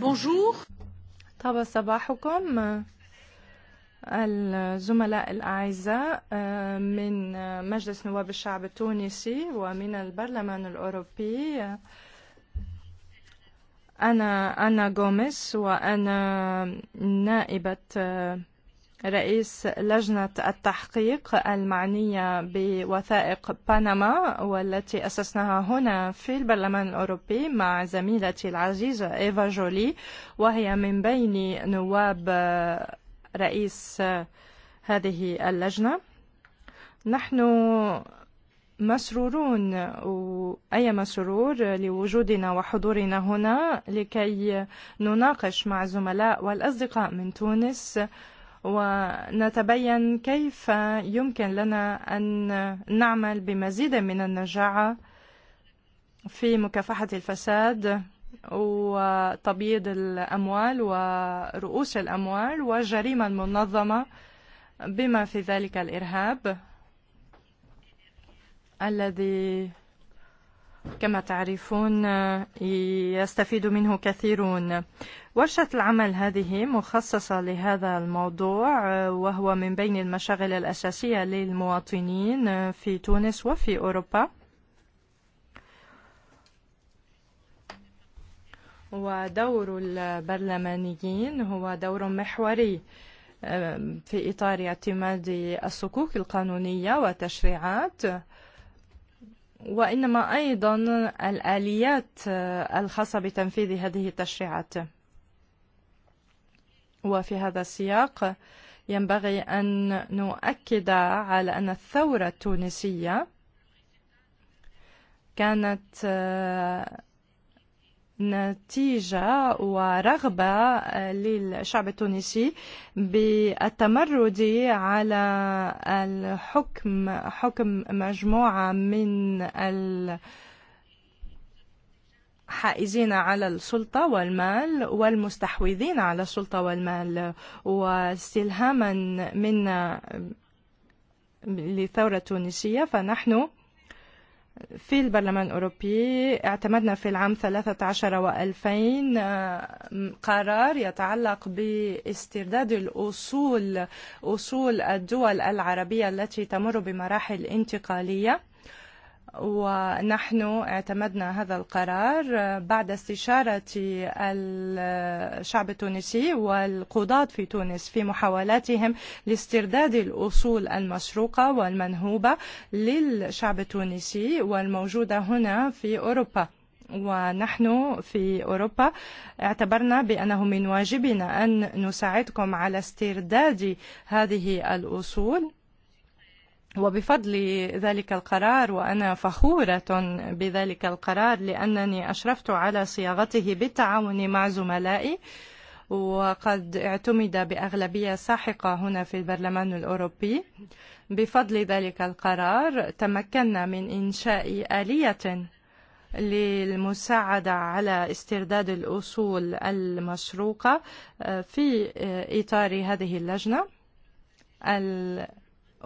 بونجور طاب صباحكم الزملاء الأعزاء من مجلس نواب الشعب التونسي ومن البرلمان الأوروبي أنا أنا غوميس وأنا نائبة رئيس لجنة التحقيق المعنية بوثائق بنما والتي أسسناها هنا في البرلمان الأوروبي مع زميلتي العزيزة إيفا جولي وهي من بين نواب رئيس هذه اللجنة نحن مسرورون أي مسرور لوجودنا وحضورنا هنا لكي نناقش مع زملاء والأصدقاء من تونس ونتبين كيف يمكن لنا أن نعمل بمزيد من النجاعة في مكافحة الفساد وتبييض الأموال ورؤوس الأموال والجريمة المنظمة بما في ذلك الإرهاب الذي كما تعرفون يستفيد منه كثيرون ورشة العمل هذه مخصصة لهذا الموضوع وهو من بين المشاغل الأساسية للمواطنين في تونس وفي أوروبا ودور البرلمانيين هو دور محوري في إطار اعتماد السكوك القانونية وتشريعات وإنما أيضا الآليات الخاصة بتنفيذ هذه التشريعات وفي هذا السياق ينبغي أن نؤكد على أن الثورة التونسية كانت نتيجة ورغبة للشعب التونسي بالتمرد على الحكم حكم مجموعة من ال حائزين على السلطة والمال والمستحوذين على السلطة والمال واستلهاما من لثورة تونسية فنحن في البرلمان الأوروبي اعتمدنا في العام 13 و 2000 قرار يتعلق باسترداد الأصول أصول الدول العربية التي تمر بمراحل انتقالية ونحن اعتمدنا هذا القرار بعد استشارة الشعب التونسي والقضاة في تونس في محاولاتهم لاسترداد الأصول المسروقة والمنهوبة للشعب التونسي والموجودة هنا في أوروبا ونحن في أوروبا اعتبرنا بأنه من واجبنا أن نساعدكم على استرداد هذه الأصول وبفضل ذلك القرار وأنا فخورة بذلك القرار لأنني أشرفت على صياغته بالتعاون مع زملائي وقد اعتمد بأغلبية ساحقة هنا في البرلمان الأوروبي بفضل ذلك القرار تمكنا من إنشاء آلية للمساعدة على استرداد الأصول المشروقة في إطار هذه اللجنة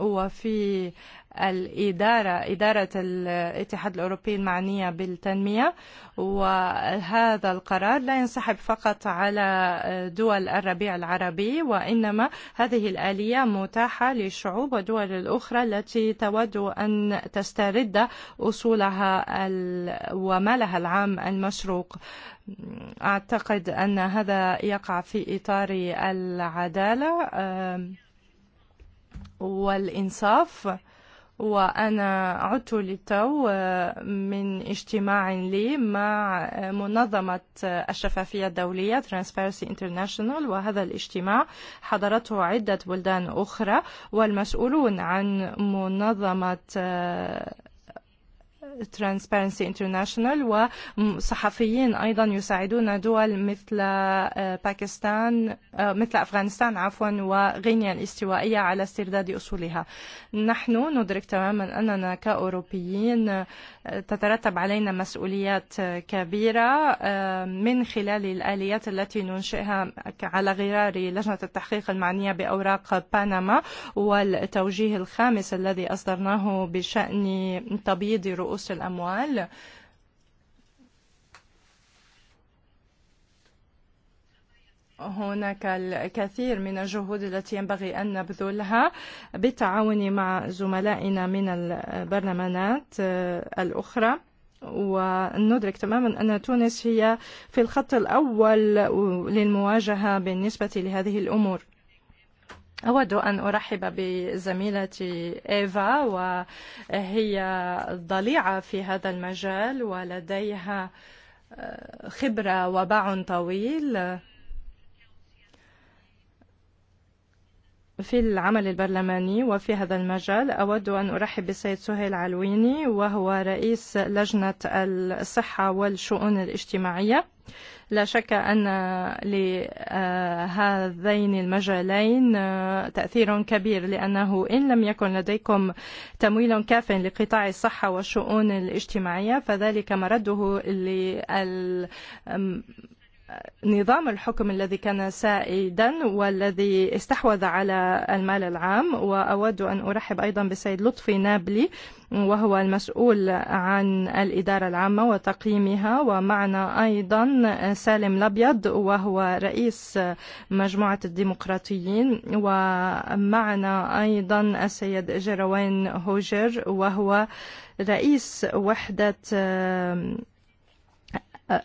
وفي الإدارة إدارة الاتحاد الأوروبي المعنية بالتنمية وهذا القرار لا ينسحب فقط على دول الربيع العربي وإنما هذه الآلية متاحة للشعوب والدول الأخرى التي تود أن تسترد أصولها ومالها العام المشروق أعتقد أن هذا يقع في إطار العدالة والإنصاف وأنا عدت للتو من اجتماع لي مع منظمة الشفافية الدولية Transparency International وهذا الاجتماع حضرته عدة بلدان أخرى والمسؤولون عن منظمة Transparency International wa وصحفيين أيضا يساعدون دول مثل باكستان مثل أفغانستان عفوا وغينيا الاستوائية على استرداد أصولها نحن ندرك تماما أننا كأوروبيين تترتب علينا مسؤوليات كبيرة من خلال الآليات التي ننشئها على غرار لجنة التحقيق المعنية بأوراق بنما والتوجيه الخامس الذي أصدرناه بشأن تبييض رؤوس l-amwal. هناك الكثير من الجهود التي ينبغي أن نبذلها بالتعاون مع زملائنا من البرلمانات الأخرى وندرك تماما أن تونس هي في الخط الأول للمواجهة بالنسبة لهذه الأمور أود أن أرحب بزميلتي إيفا وهي ضليعة في هذا المجال ولديها خبرة وباع طويل في العمل البرلماني وفي هذا المجال أود أن أرحب بالسيد سهيل علويني وهو رئيس لجنة الصحة والشؤون الاجتماعية لا شك أن لهذين المجالين تأثير كبير لأنه إن لم يكن لديكم تمويل كاف لقطاع الصحة والشؤون الاجتماعية فذلك مرده لل نظام الحكم الذي كان سائدا والذي استحوذ على المال العام وأود أن أرحب أيضا بسيد لطفي نابلي وهو المسؤول عن الإدارة العامة وتقييمها ومعنا أيضا سالم الأبيض وهو رئيس مجموعة الديمقراطيين ومعنا أيضا السيد جروين هوجر وهو رئيس وحدة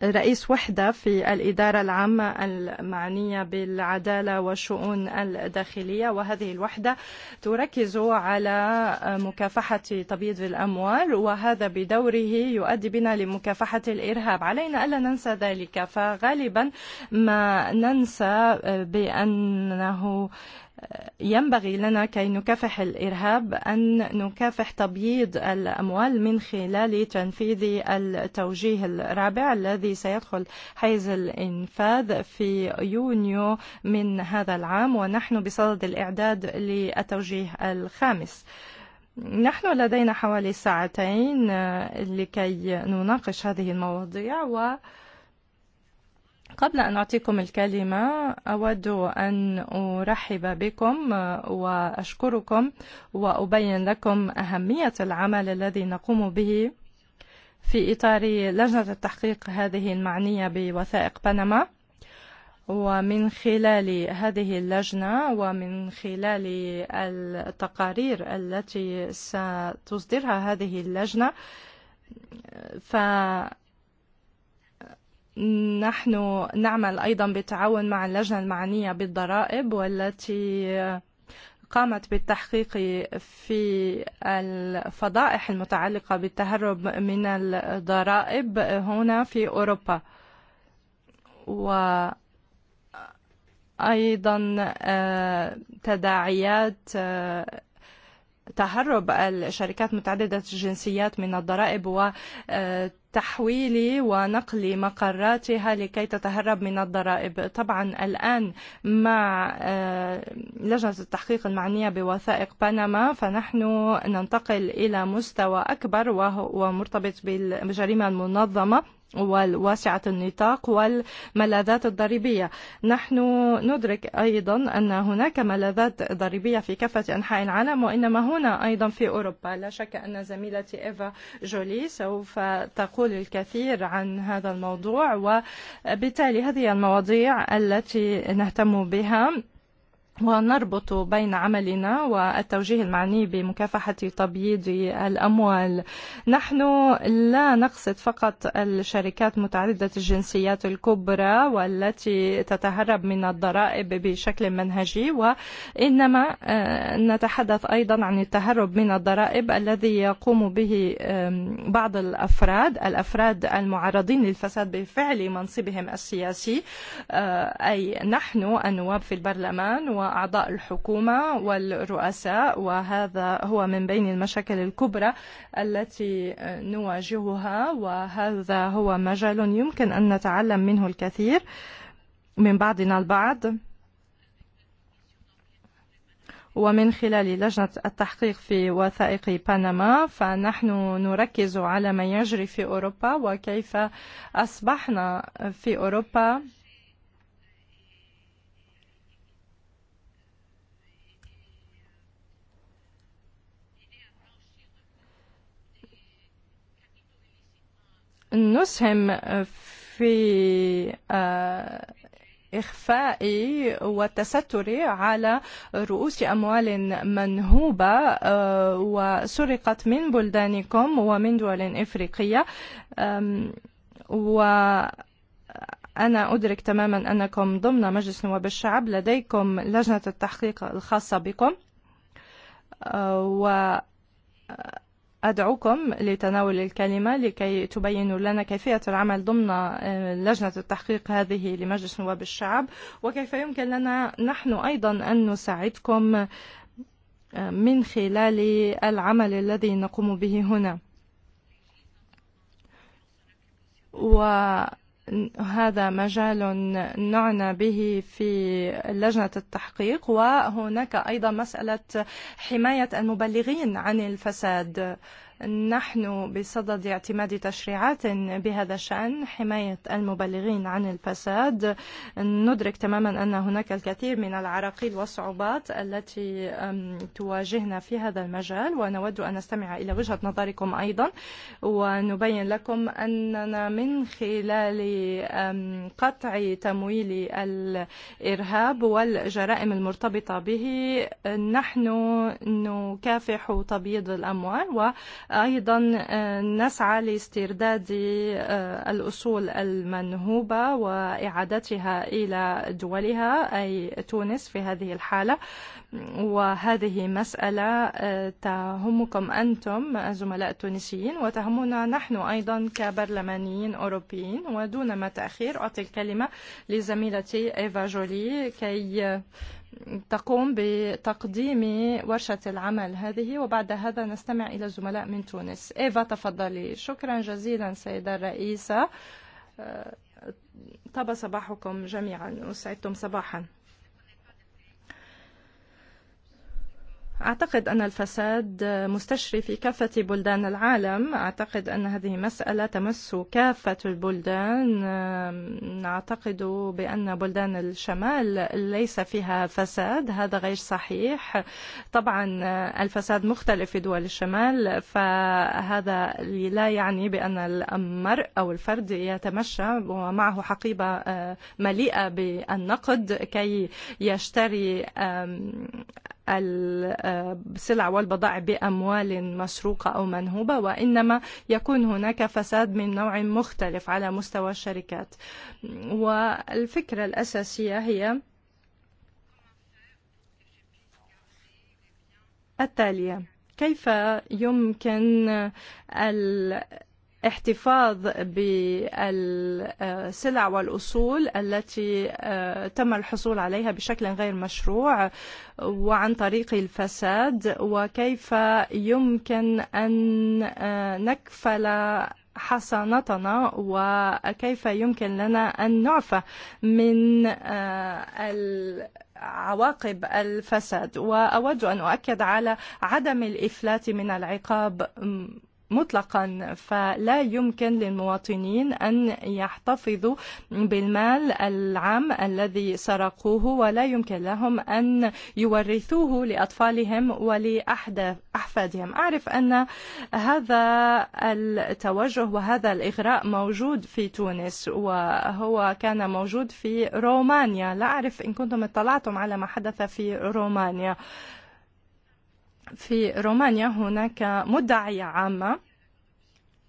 رئيس وحدة في الإدارة العامة المعنية بالعدالة والشؤون الداخلية وهذه الوحدة تركز على مكافحة تبييض الأموال وهذا بدوره يؤدي بنا لمكافحة الإرهاب علينا ألا ننسى ذلك فغالبا ما ننسى بأنه ينبغي لنا كي نكافح الإرهاب أن نكافح تبييض الأموال من خلال تنفيذ التوجيه الرابع الذي سيدخل حيز الإنفاذ في يونيو من هذا العام ونحن بصدد الإعداد للتوجيه الخامس. نحن لدينا حوالي ساعتين لكي نناقش هذه المواضيع و قبل أن أعطيكم الكلمة أود أن أرحب بكم وأشكركم وأبين لكم أهمية العمل الذي نقوم به في إطار لجنة التحقيق هذه المعنية بوثائق بنما ومن خلال هذه اللجنة ومن خلال التقارير التي ستصدرها هذه اللجنة ف نحن نعمل أيضا بالتعاون مع اللجنة المعنية بالضرائب والتي قامت بالتحقيق في الفضائح المتعلقة بالتهرب من الضرائب هنا في أوروبا وأيضا تداعيات تهرب الشركات متعددة الجنسيات من الضرائب و تحويل ونقل مقراتها لكي تتهرب من الضرائب طبعا الآن مع لجنة التحقيق المعنية بوثائق بنما فنحن ننتقل إلى مستوى أكبر ومرتبط بالجريمة المنظمة والواسعة النطاق والملاذات الضريبية نحن ندرك أيضا أن هناك ملاذات ضريبية في كافة أنحاء العالم وإنما هنا أيضا في أوروبا لا شك أن زميلتي إيفا جولي سوف تقول الكثير عن هذا الموضوع وبالتالي هذه المواضيع التي نهتم بها ونربط بين عملنا والتوجيه المعني بمكافحة تبييض الأموال نحن لا نقصد فقط الشركات متعددة الجنسيات الكبرى والتي تتهرب من الضرائب بشكل منهجي وإنما نتحدث أيضا عن التهرب من الضرائب الذي يقوم به بعض الأفراد الأفراد المعرضين للفساد بفعل منصبهم السياسي أي نحن النواب في البرلمان و وأعضاء الحكومة والرؤساء وهذا هو من بين المشاكل الكبرى التي نواجهها وهذا هو مجال يمكن أن نتعلم منه الكثير من بعضنا البعض ومن خلال لجنة التحقيق في وثائق بنما فنحن نركز على ما يجري في أوروبا وكيف أصبحنا في أوروبا نسهم في إخفاء والتستر على رؤوس أموال منهوبة وسرقت من بلدانكم ومن دول إفريقية و أنا أدرك تماما أنكم ضمن مجلس نواب الشعب لديكم لجنة التحقيق الخاصة بكم و أدعوكم لتناول الكلمة لكي تبينوا لنا كيفية العمل ضمن لجنة التحقيق هذه لمجلس نواب الشعب وكيف يمكن لنا نحن أيضا أن نساعدكم من خلال العمل الذي نقوم به هنا. و هذا مجال نعنى به في لجنة التحقيق وهناك أيضا مسألة حماية المبلغين عن الفساد نحن بصدد اعتماد تشريعات بهذا الشأن حماية المبلغين عن الفساد ندرك تماما أن هناك الكثير من العراقيل والصعوبات التي تواجهنا في هذا المجال ونود أن نستمع إلى وجهة نظركم أيضا ونبين لكم أننا من خلال قطع تمويل الإرهاب والجرائم المرتبطة به نحن نكافح تبييض الأموال و أيضا نسعى لاسترداد الأصول المنهوبة وإعادتها إلى دولها أي تونس في هذه الحالة وهذه مسألة تهمكم أنتم زملاء التونسيين وتهمنا نحن أيضا كبرلمانيين أوروبيين ودون ما تأخير أعطي الكلمة لزميلتي إيفا جولي كي تقوم بتقديم ورشة العمل هذه وبعد هذا نستمع إلى زملاء من تونس إيفا تفضلي شكرا جزيلا سيدة الرئيسة طاب صباحكم جميعا وسعدتم صباحا أعتقد أن الفساد مستشري في كافة بلدان العالم أعتقد أن هذه مسألة تمس كافة البلدان نعتقد بأن بلدان الشمال ليس فيها فساد هذا غير صحيح طبعا الفساد مختلف في دول الشمال فهذا لا يعني بأن المرء أو الفرد يتمشى ومعه حقيبة مليئة بالنقد كي يشتري السلع والبضائع بأموال مسروقة أو منهوبة وإنما يكون هناك فساد من نوع مختلف على مستوى الشركات والفكرة الأساسية هي التالية كيف يمكن احتفاظ بالسلع والأصول التي تم الحصول عليها بشكل غير مشروع وعن طريق الفساد وكيف يمكن أن نكفل حصانتنا وكيف يمكن لنا أن نعفى من عواقب الفساد وأود أن أؤكد على عدم الإفلات من العقاب مطلقا فلا يمكن للمواطنين أن يحتفظوا بالمال العام الذي سرقوه ولا يمكن لهم أن يورثوه لأطفالهم ولأحفادهم أعرف أن هذا التوجه وهذا الإغراء موجود في تونس وهو كان موجود في رومانيا لا أعرف إن كنتم اطلعتم على ما حدث في رومانيا في رومانيا هناك مدعية عامة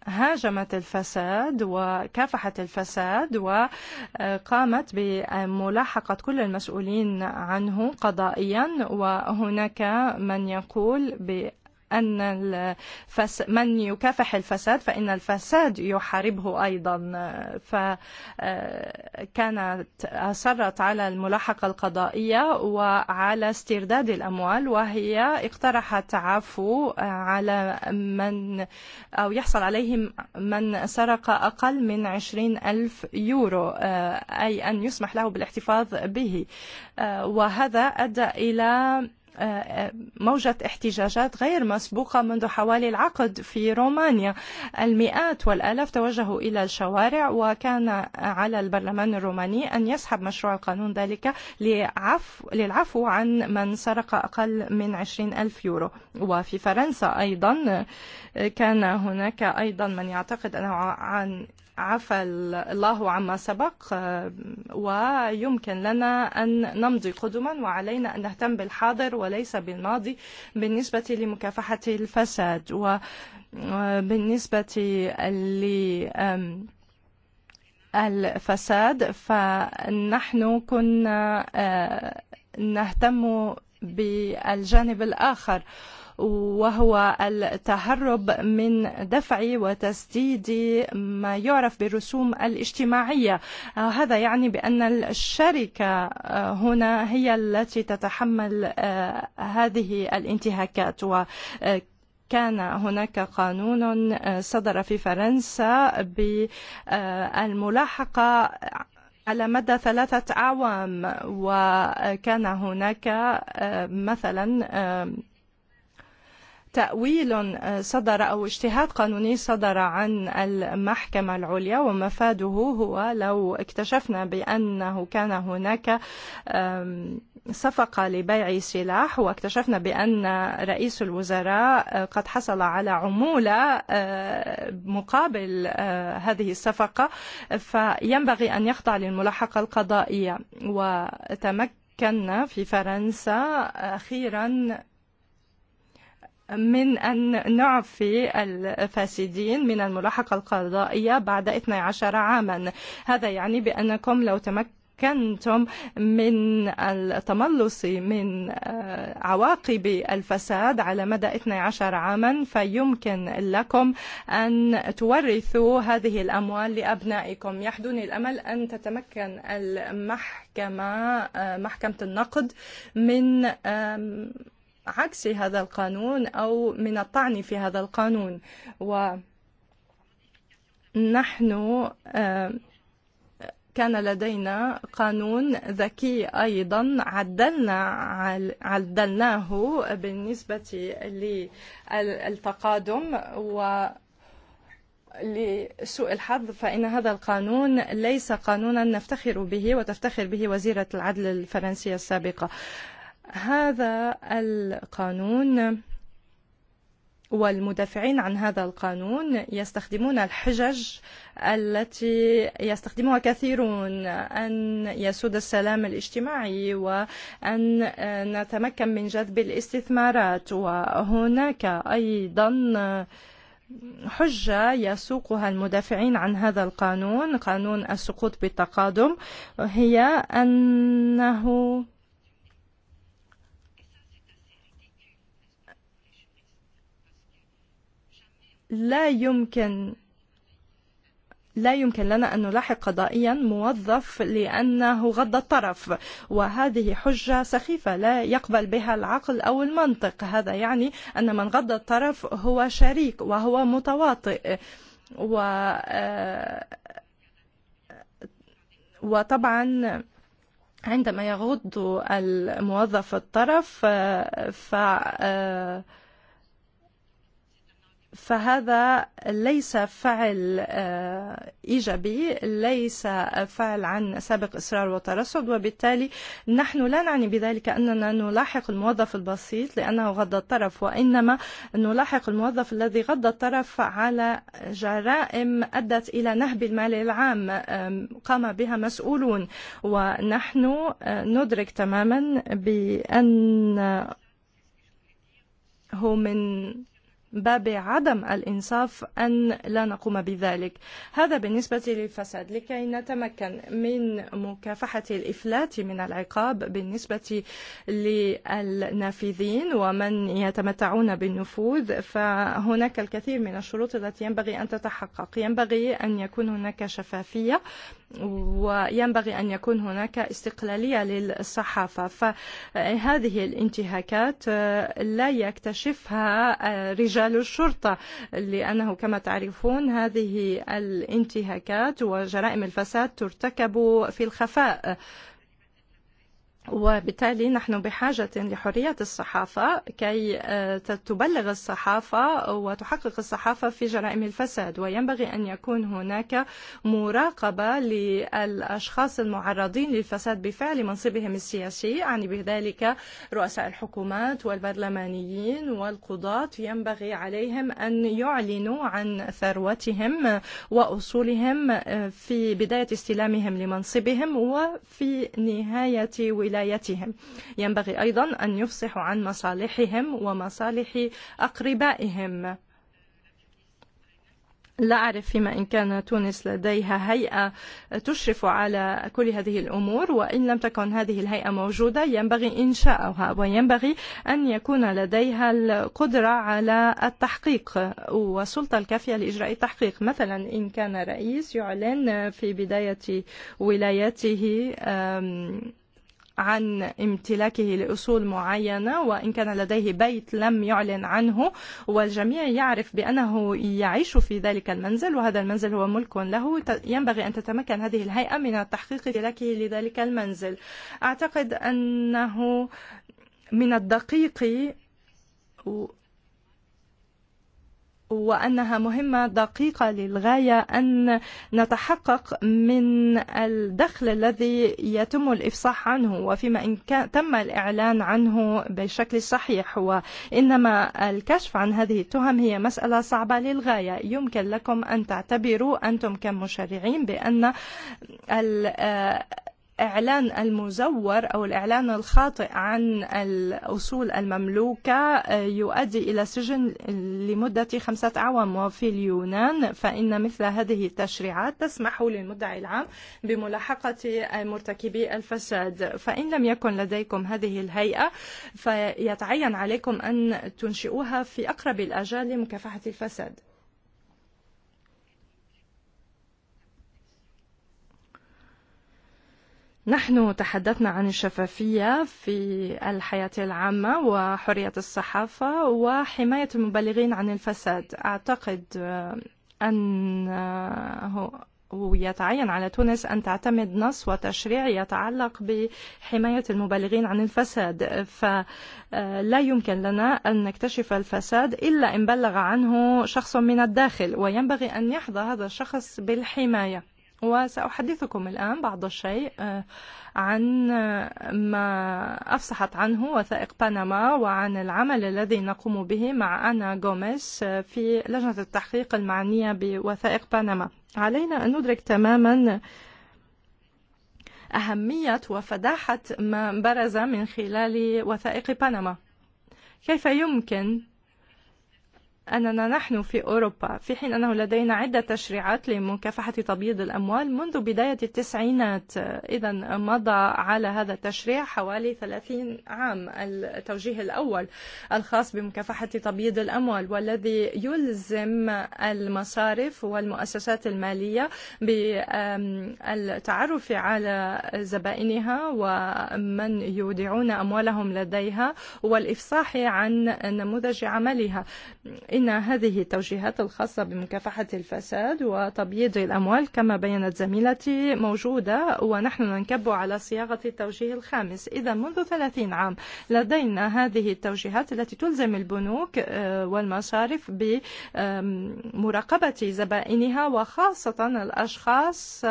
هاجمت الفساد وكافحت الفساد وقامت بملاحقة كل المسؤولين عنه قضائيا وهناك من يقول ب أن الفس من يكافح الفساد فإن الفساد يحاربه أيضا فكانت أصرت على الملاحقة القضائية وعلى استرداد الأموال وهي اقترحت عفو على من أو يحصل عليهم من سرق أقل من 20 ألف يورو أي أن يسمح له بالاحتفاظ به وهذا أدى إلى موجة احتجاجات غير مسبوقة منذ حوالي العقد في رومانيا المئات والآلاف توجهوا إلى الشوارع وكان على البرلمان الروماني أن يسحب مشروع القانون ذلك للعفو عن من سرق أقل من 20 ألف يورو وفي فرنسا أيضا كان هناك أيضا من يعتقد أنه عن عفى الله عما سبق ويمكن لنا أن نمضي قدما وعلينا أن نهتم بالحاضر وليس بالماضي بالنسبة لمكافحة الفساد وبالنسبة ل الفساد فنحن كنا نهتم بالجانب الآخر وهو التهرب من دفع وتسديد ما يعرف بالرسوم الاجتماعية هذا يعني بأن الشركة هنا هي التي تتحمل هذه الانتهاكات و كان هناك قانون صدر في فرنسا بالملاحقة على مدى ثلاثة أعوام وكان هناك مثلا تأويل صدر أو اجتهاد قانوني صدر عن المحكمة العليا ومفاده هو لو اكتشفنا بأنه كان هناك صفقة لبيع سلاح واكتشفنا بأن رئيس الوزراء قد حصل على عمولة مقابل هذه الصفقة فينبغي أن يخضع للملاحقة القضائية وتمكن في فرنسا أخيرا من أن نعفي الفاسدين من الملاحقة القضائية بعد 12 عاما هذا يعني بأنكم لو تمكنتم كنتم من التملص من عواقب الفساد على مدى 12 عاما فيمكن لكم أن تورثوا هذه الأموال لأبنائكم يحدوني الأمل أن تتمكن المحكمة محكمة النقد من عكس هذا القانون أو من الطعن في هذا القانون ونحن كان لدينا قانون ذكي أيضا عدلنا عدلناه بالنسبة للتقادم و لسوء الحظ فإن هذا القانون ليس قانونا نفتخر به وتفتخر به وزيرة العدل الفرنسية السابقة. آه هذا القانون والمدافعين عن هذا القانون يستخدمون الحجج التي يستخدمها كثيرون أن يسود السلام الاجتماعي وأن نتمكن من جذب الاستثمارات وهناك أيضا حجة يسوقها المدافعين عن هذا القانون قانون السقوط بالتقادم هي أنه لا يمكن لا يمكن لنا أن نلاحق قضائيا موظف لأنه غض الطرف وهذه حجة سخيفة لا يقبل بها العقل أو المنطق هذا يعني أن من غض الطرف هو شريك وهو متواطئ و وطبعا عندما يغض الموظف الطرف ف فهذا ليس فعل إيجابي ليس فعل عن سابق إصرار وترصد وبالتالي نحن لا نعني بذلك أننا نلاحق الموظف البسيط لأنه غض الطرف وإنما نلاحق الموظف الذي غض الطرف على جرائم أدت إلى نهب المال العام قام بها مسؤولون ونحن ندرك تماما بأن هو من باب عدم الإنصاف أن لا نقوم بذلك هذا بالنسبة للفساد لكي نتمكن من مكافحة الإفلات من العقاب بالنسبة للنافذين ومن يتمتعون بالنفوذ فهناك الكثير من الشروط التي ينبغي أن تتحقق ينبغي أن يكون هناك شفافية وينبغي أن يكون هناك استقلالية للصحافة فهذه الانتهاكات لا يكتشفها رجال رجال الشرطة لأنه كما تعرفون هذه الانتهاكات وجرائم الفساد ترتكب في الخفاء وبالتالي نحن بحاجة لحرية الصحافة كي تبلغ الصحافة وتحقق الصحافة في جرائم الفساد وينبغي أن يكون هناك مراقبة للأشخاص المعرضين للفساد بفعل منصبهم السياسي يعني بذلك رؤساء الحكومات والبرلمانيين والقضاة ينبغي عليهم أن يعلنوا عن ثروتهم وأصولهم في بداية استلامهم لمنصبهم وفي نهاية ولاية ولايتهم ينبغي أيضا أن يفصحوا عن مصالحهم ومصالح أقربائهم لا أعرف فيما إن كان تونس لديها هيئة تشرف على كل هذه الأمور وإن لم تكن هذه الهيئة موجودة ينبغي إنشاؤها وينبغي أن يكون لديها القدرة على التحقيق والسلطة الكافية لإجراء التحقيق مثلا إن كان رئيس يعلن في بداية ولايته عن امتلاكه لأصول معينة وإن كان لديه بيت لم يعلن عنه والجميع يعرف بأنه يعيش في ذلك المنزل وهذا المنزل هو ملك له ينبغي أن تتمكن هذه الهيئة من تحقيق امتلاكه لذلك المنزل أعتقد أنه من الدقيق وأنها مهمة دقيقة للغاية أن نتحقق من الدخل الذي يتم الإفصاح عنه وفيما إن كان تم الإعلان عنه بشكل صحيح وإنما الكشف عن هذه التهم هي مسألة صعبة للغاية يمكن لكم أن تعتبروا أنتم كمشرعين بأن الإعلان المزور أو الإعلان الخاطئ عن الأصول المملوكة يؤدي إلى سجن لمدة خمسة أعوام وفي اليونان فإن مثل هذه التشريعات تسمح للمدعي العام بملاحقة مرتكبي الفساد فإن لم يكن لديكم هذه الهيئة فيتعين عليكم أن تنشئوها في أقرب الأجال لمكافحة الفساد نحن تحدثنا عن الشفافية في الحياة العامة وحرية الصحافة وحماية المبالغين عن الفساد أعتقد أنه يتعين على تونس أن تعتمد نص وتشريع يتعلق بحماية المبالغين عن الفساد فلا يمكن لنا أن نكتشف الفساد إلا إن بلغ عنه شخص من الداخل وينبغي أن يحظى هذا الشخص بالحماية وسأحدثكم الآن بعض الشيء عن ما أفصحت عنه وثائق بنما وعن العمل الذي نقوم به مع أنا غوميش في لجنة التحقيق المعنية بوثائق بنما علينا أن ندرك تماما أهمية وفداحة ما برز من خلال وثائق بنما كيف يمكن أننا نحن في أوروبا في حين أنه لدينا عدة تشريعات لمكافحة تبييض الأموال منذ بداية التسعينات إذا مضى على هذا التشريع حوالي 30 عام التوجيه الأول الخاص بمكافحة تبييض الأموال والذي يلزم المصارف والمؤسسات المالية بالتعرف على زبائنها ومن يودعون أموالهم لديها والإفصاح عن نموذج عملها إن هذه التوجيهات الخاصة بمكافحة الفساد وتبييض الأموال كما بينت زميلتي موجودة ونحن ننكب على صياغة التوجيه الخامس إذا منذ 30 عام لدينا هذه التوجيهات التي تلزم البنوك والمصارف بمراقبة زبائنها وخاصة الأشخاص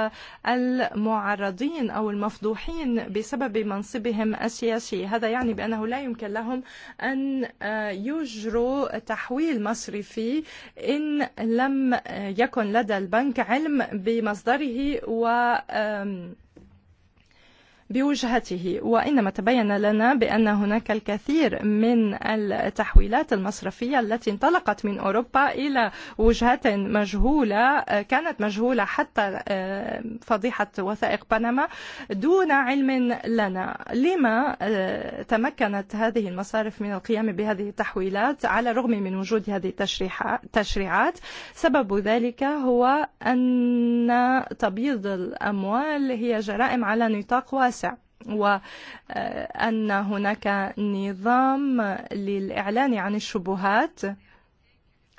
المعرضين أو المفضوحين بسبب منصبهم السياسي هذا يعني بأنه لا يمكن لهم أن يجروا تحويل المصرفي إن لم يكن لدى البنك علم بمصدره و بوجهته وإنما تبين لنا بأن هناك الكثير من التحويلات المصرفية التي انطلقت من أوروبا إلى وجهات مجهولة كانت مجهولة حتى فضيحة وثائق بنما دون علم لنا لما تمكنت هذه المصارف من القيام بهذه التحويلات على الرغم من وجود هذه التشريعات سبب ذلك هو أن تبييض الأموال هي جرائم على نطاق واسع وأن هناك نظام للإعلان عن الشبهات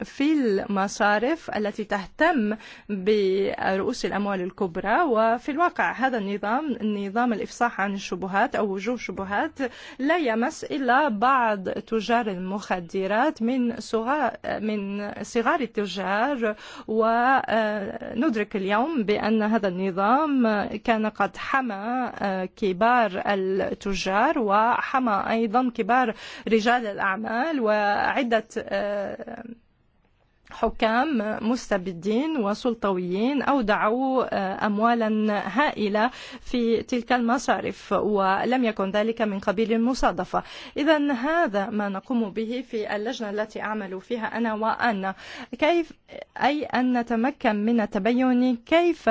في المصارف التي تهتم برؤوس الأموال الكبرى وفي الواقع هذا النظام نظام الإفصاح عن الشبهات أو وجوه شبهات لا يمس إلا بعض تجار المخدرات من صغار من صغار التجار وندرك اليوم بأن هذا النظام كان قد حمى كبار التجار وحمى أيضا كبار رجال الأعمال وعدة حكام مستبدين وسلطويين أودعوا أموالا هائلة في تلك المصارف ولم يكن ذلك من قبيل المصادفة إذا هذا ما نقوم به في اللجنة التي أعمل فيها أنا وأنا كيف أي أن نتمكن من التبين كيف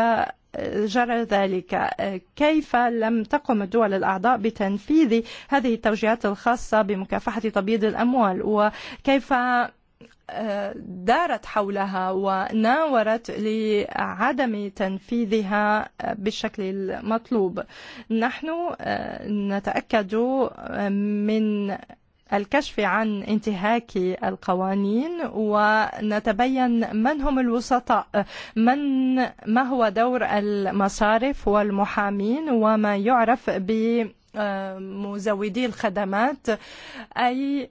جرى ذلك كيف لم تقم الدول الأعضاء بتنفيذ هذه التوجيهات الخاصة بمكافحة تبييض الأموال وكيف دارت حولها وناورت لعدم تنفيذها بالشكل المطلوب نحن نتأكد من الكشف عن انتهاك القوانين ونتبين من هم الوسطاء من ما هو دور المصارف والمحامين وما يعرف بمزودي الخدمات أي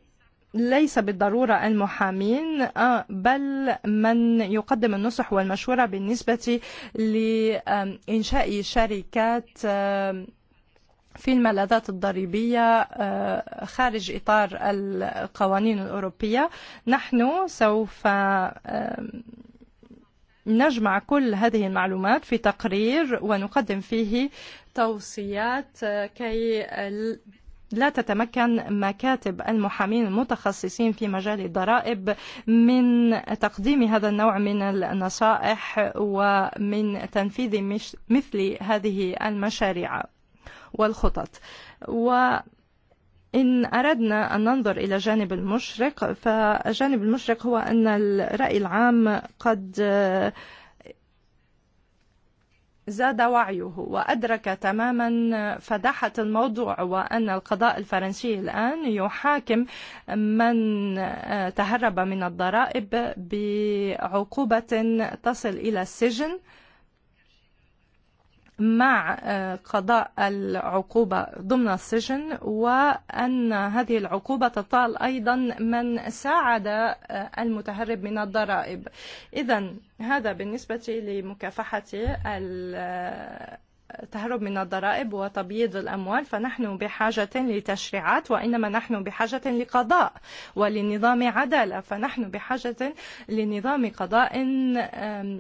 ليس بالضرورة المحامين بل من يقدم النصح والمشورة بالنسبة لإنشاء شركات في الملاذات الضريبية خارج إطار القوانين الأوروبية نحن سوف نجمع كل هذه المعلومات في تقرير ونقدم فيه توصيات كي لا تتمكن مكاتب المحامين المتخصصين في مجال الضرائب من تقديم هذا النوع من النصائح ومن تنفيذ مثل هذه المشاريع والخطط و إن أردنا أن ننظر إلى جانب المشرق فجانب المشرق هو أن الرأي العام قد آه زاد وعيه وأدرك تماما فداحة الموضوع وأن القضاء الفرنسي الآن يحاكم من تهرب من الضرائب بعقوبة تصل إلى السجن مع قضاء العقوبة ضمن السجن وأن هذه العقوبة تطال أيضا من ساعد المتهرب من الضرائب إذا هذا بالنسبة لمكافحة تهرب من الضرائب وتبييض الأموال فنحن بحاجة لتشريعات وإنما نحن بحاجة لقضاء ولنظام عدالة فنحن بحاجة لنظام قضاء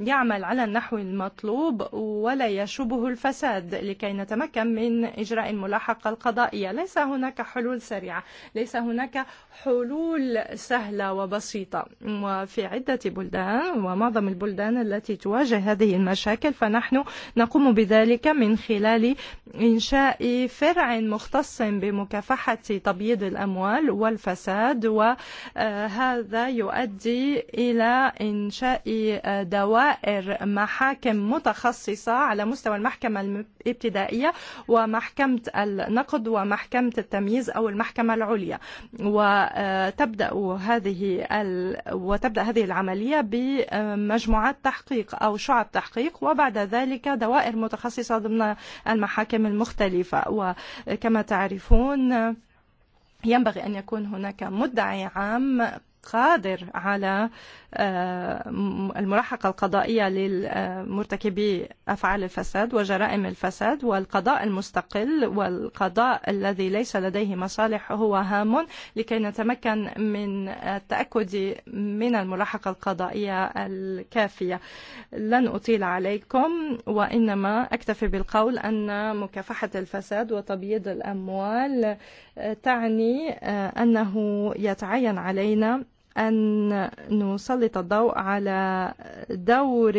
يعمل على النحو المطلوب ولا يشوبه الفساد لكي نتمكن من إجراء الملاحقة القضائية ليس هناك حلول سريعة ليس هناك حلول سهلة وبسيطة وفي عدة بلدان ومعظم البلدان التي تواجه هذه المشاكل فنحن نقوم بذلك من من خلال إنشاء فرع مختص بمكافحة تبييض الأموال والفساد وهذا يؤدي إلى إنشاء دوائر محاكم متخصصة على مستوى المحكمة الابتدائية ومحكمة النقد ومحكمة التمييز أو المحكمة العليا وتبدأ هذه ال... وتبدأ هذه العملية بمجموعات تحقيق أو شعب تحقيق وبعد ذلك دوائر متخصصة ضمن ضمن المحاكم المختلفة وكما تعرفون ينبغي أن يكون هناك مدعي عام قادر على الملاحقة القضائية للمرتكبي أفعال الفساد وجرائم الفساد والقضاء المستقل والقضاء الذي ليس لديه مصالح هو هام لكي نتمكن من التأكد من الملاحقة القضائية الكافية لن أطيل عليكم وإنما أكتفي بالقول أن مكافحة الفساد وتبييض الأموال تعني أنه يتعين علينا أن نسلط الضوء على دور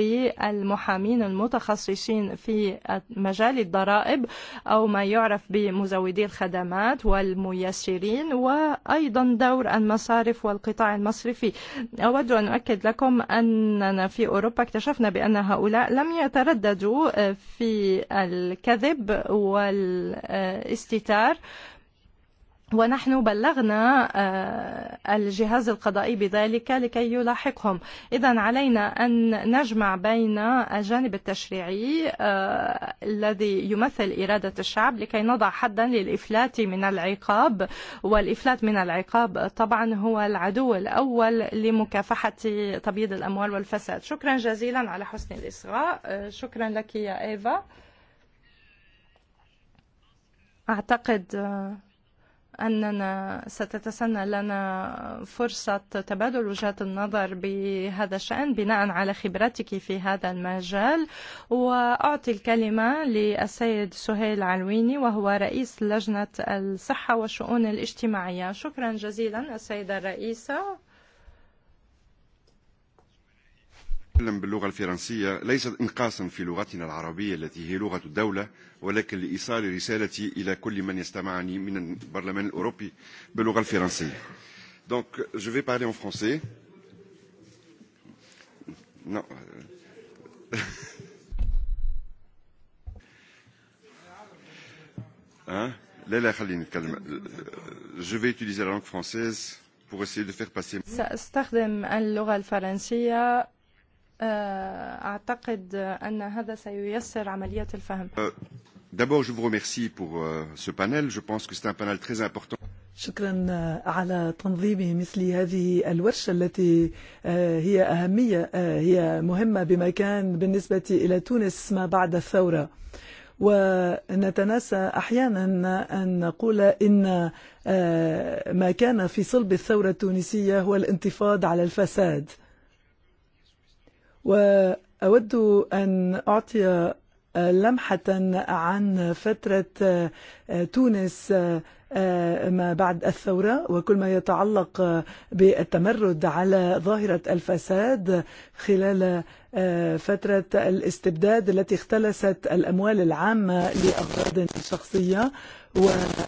المحامين المتخصصين في مجال الضرائب أو ما يعرف بمزودي الخدمات والميسرين وأيضا دور المصارف والقطاع المصرفي أود أن أؤكد لكم أننا في أوروبا اكتشفنا بأن هؤلاء لم يترددوا في الكذب والاستتار ونحن بلغنا الجهاز القضائي بذلك لكي يلاحقهم إذا علينا أن نجمع بين الجانب التشريعي الذي يمثل إرادة الشعب لكي نضع حدا للإفلات من العقاب والإفلات من العقاب طبعا هو العدو الأول لمكافحة تبييض الأموال والفساد شكرا جزيلا على حسن الإصغاء شكرا لك يا إيفا أعتقد أننا ستتسنى لنا فرصة تبادل وجهات النظر بهذا الشأن بناء على خبرتك في هذا المجال وأعطي الكلمة للسيد سهيل علويني وهو رئيس لجنة الصحة والشؤون الاجتماعية شكرا جزيلا السيدة الرئيسة نتكلم باللغة الفرنسية ليست انقاصا في لغتنا العربية التي هي لغة الدولة ولكن لإيصال رسالتي إلى كل من يستمعني من البرلمان الأوروبي باللغة الفرنسية. Donc je vais parler en français. Non. hein? لا لا خليني نتكلم جو في utiliser la langue française pour essayer de faire passer سأستخدم اللغة الفرنسية أعتقد أن هذا سييسر عملية الفهم. دابور euh, جو vous بور سو بانيل جو بونس كو سي ان بانيل تري امبورطون شكرا على تنظيم مثل هذه الورشة التي هي أهمية هي مهمة بما كان بالنسبة إلى تونس ما بعد الثورة ونتناسى أحيانا أن نقول إن ما كان في صلب الثورة التونسية هو الانتفاض على الفساد وأود أن أعطي لمحة عن فترة تونس ما بعد الثورة وكل ما يتعلق بالتمرد على ظاهرة الفساد خلال فترة الاستبداد التي اختلست الأموال العامة لأغراض شخصية وبعد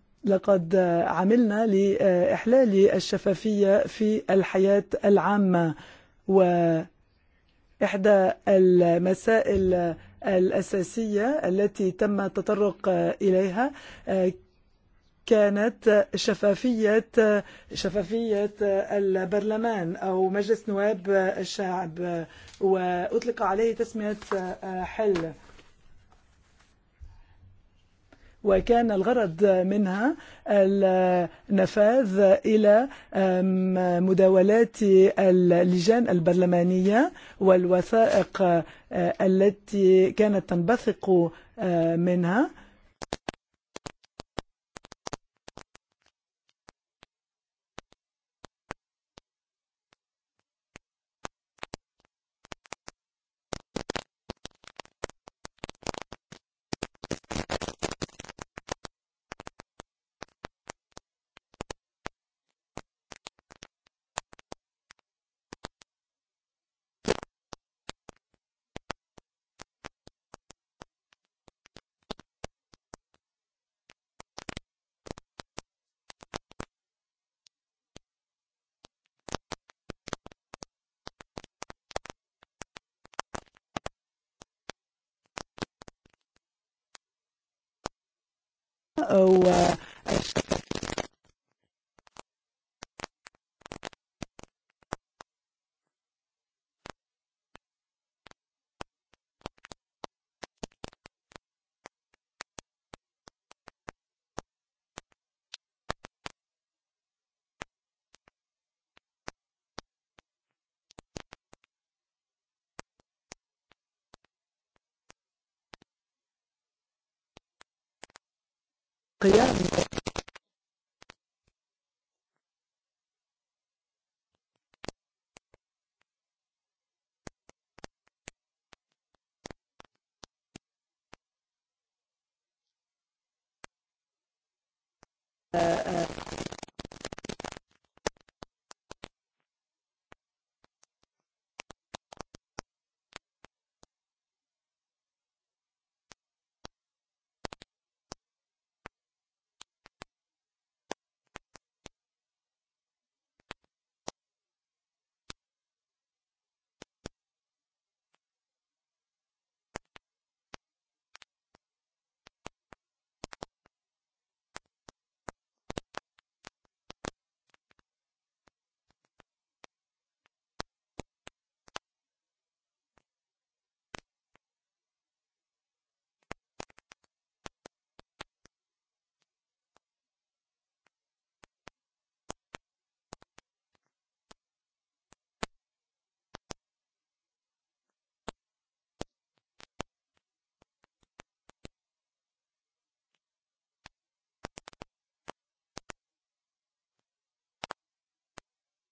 لقد عملنا لإحلال الشفافية في الحياة العامة وإحدى المسائل الأساسية التي تم التطرق إليها كانت شفافية شفافية البرلمان أو مجلس نواب الشعب وأطلق عليه تسمية حل وكان الغرض منها النفاذ إلى مداولات اللجان البرلمانية والوثائق التي كانت تنبثق منها uh qiegħed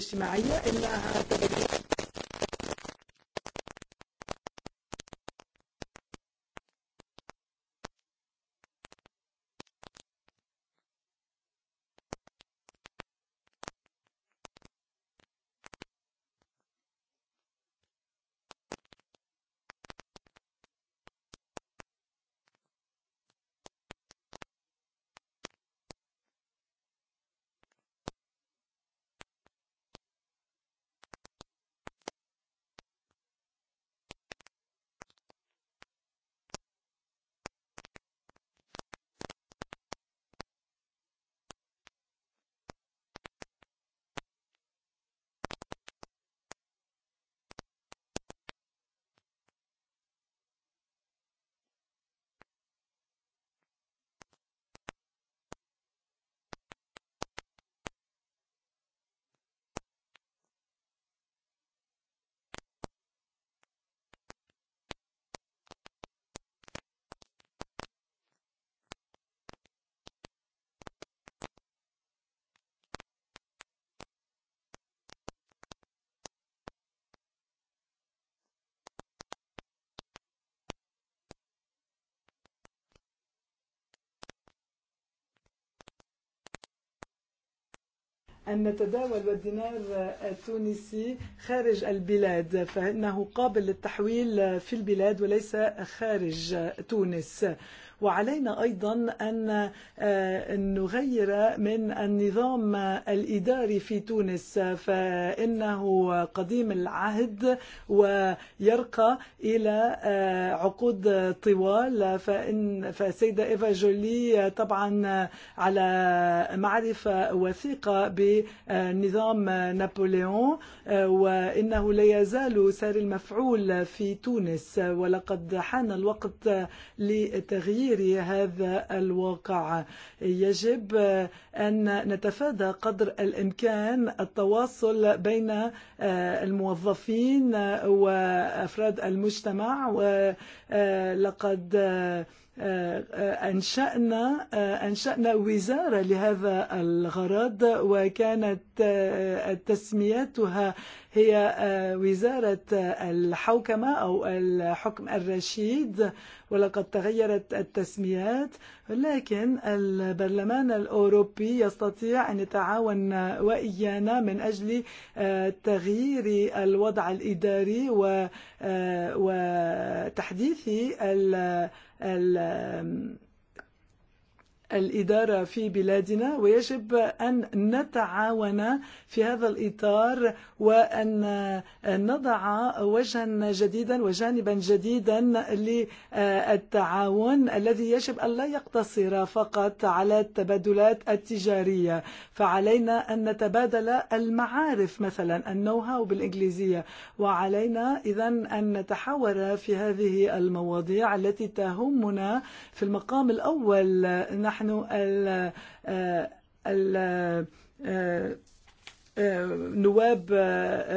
الاجتماعية إنها تبديل أن نتداول بالدينار التونسي خارج البلاد فإنه قابل للتحويل في البلاد وليس خارج تونس وعلينا أيضا أن نغير من النظام الإداري في تونس فإنه قديم العهد ويرقى إلى عقود طوال فإن فسيدة إيفا جولي طبعا على معرفة وثيقة بنظام نابليون وإنه لا يزال سار المفعول في تونس ولقد حان الوقت لتغيير تغيير هذا الواقع يجب أن نتفادى قدر الإمكان التواصل بين الموظفين وأفراد المجتمع ولقد أنشأنا أنشأنا وزارة لهذا الغرض وكانت تسميتها هي وزارة الحوكمة أو الحكم الرشيد ولقد تغيرت التسميات لكن البرلمان الأوروبي يستطيع أن يتعاون وإيانا من أجل تغيير الوضع الإداري وتحديث ال الإدارة في بلادنا ويجب أن نتعاون في هذا الإطار وأن نضع وجها جديدا وجانبا جديدا للتعاون الذي يجب أن لا يقتصر فقط على التبادلات التجارية فعلينا أن نتبادل المعارف مثلا النوها بالإنجليزية وعلينا إذا أن نتحاور في هذه المواضيع التي تهمنا في المقام الأول نحن نحن ال ال نواب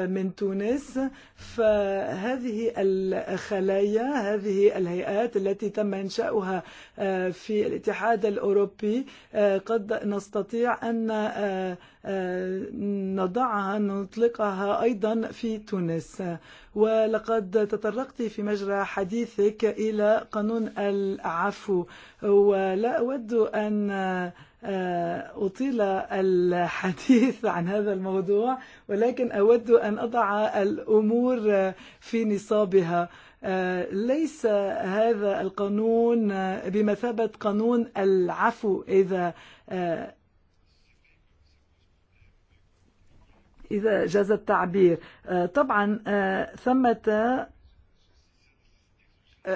من تونس فهذه الخلايا هذه الهيئات التي تم انشاؤها في الاتحاد الأوروبي قد نستطيع أن نضعها نطلقها أيضا في تونس ولقد تطرقت في مجرى حديثك إلى قانون العفو ولا أود أن أطيل الحديث عن هذا الموضوع ولكن أود أن أضع الأمور في نصابها ليس هذا القانون بمثابة قانون العفو إذا إذا جاز التعبير طبعا ثمة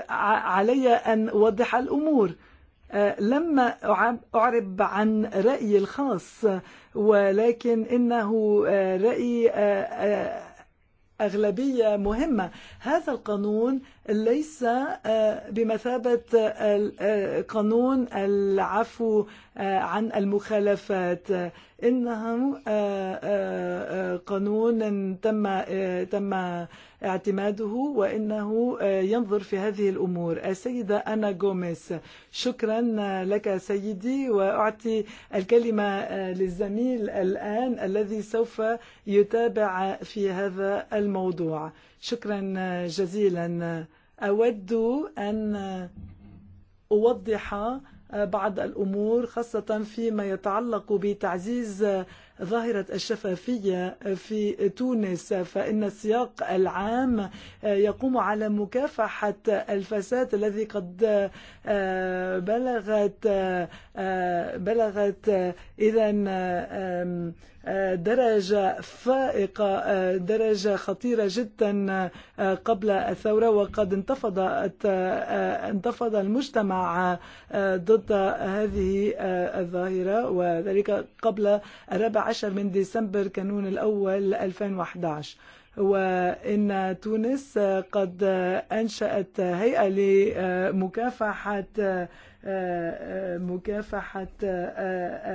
علي أن أوضح الأمور لم أعرب عن رأيي الخاص ولكن إنه رأي أغلبية مهمة هذا القانون ليس بمثابة قانون العفو عن المخالفات إنه قانون تم تم اعتماده وإنه ينظر في هذه الأمور السيدة أنا جوميس شكرا لك سيدي وأعطي الكلمة للزميل الآن الذي سوف يتابع في هذا الموضوع شكراً جزيلاً أود أن أوضح بعض الأمور خاصة فيما يتعلق بتعزيز ظاهرة الشفافية في تونس فإن السياق العام يقوم على مكافحة الفساد الذي قد بلغت بلغت إذا درجة فائقة درجة خطيرة جدا قبل الثورة وقد انتفض انتفض المجتمع ضد هذه الظاهرة وذلك قبل الرابع عشر من ديسمبر كانون الأول 2011 وإن تونس قد أنشأت هيئة لمكافحة مكافحة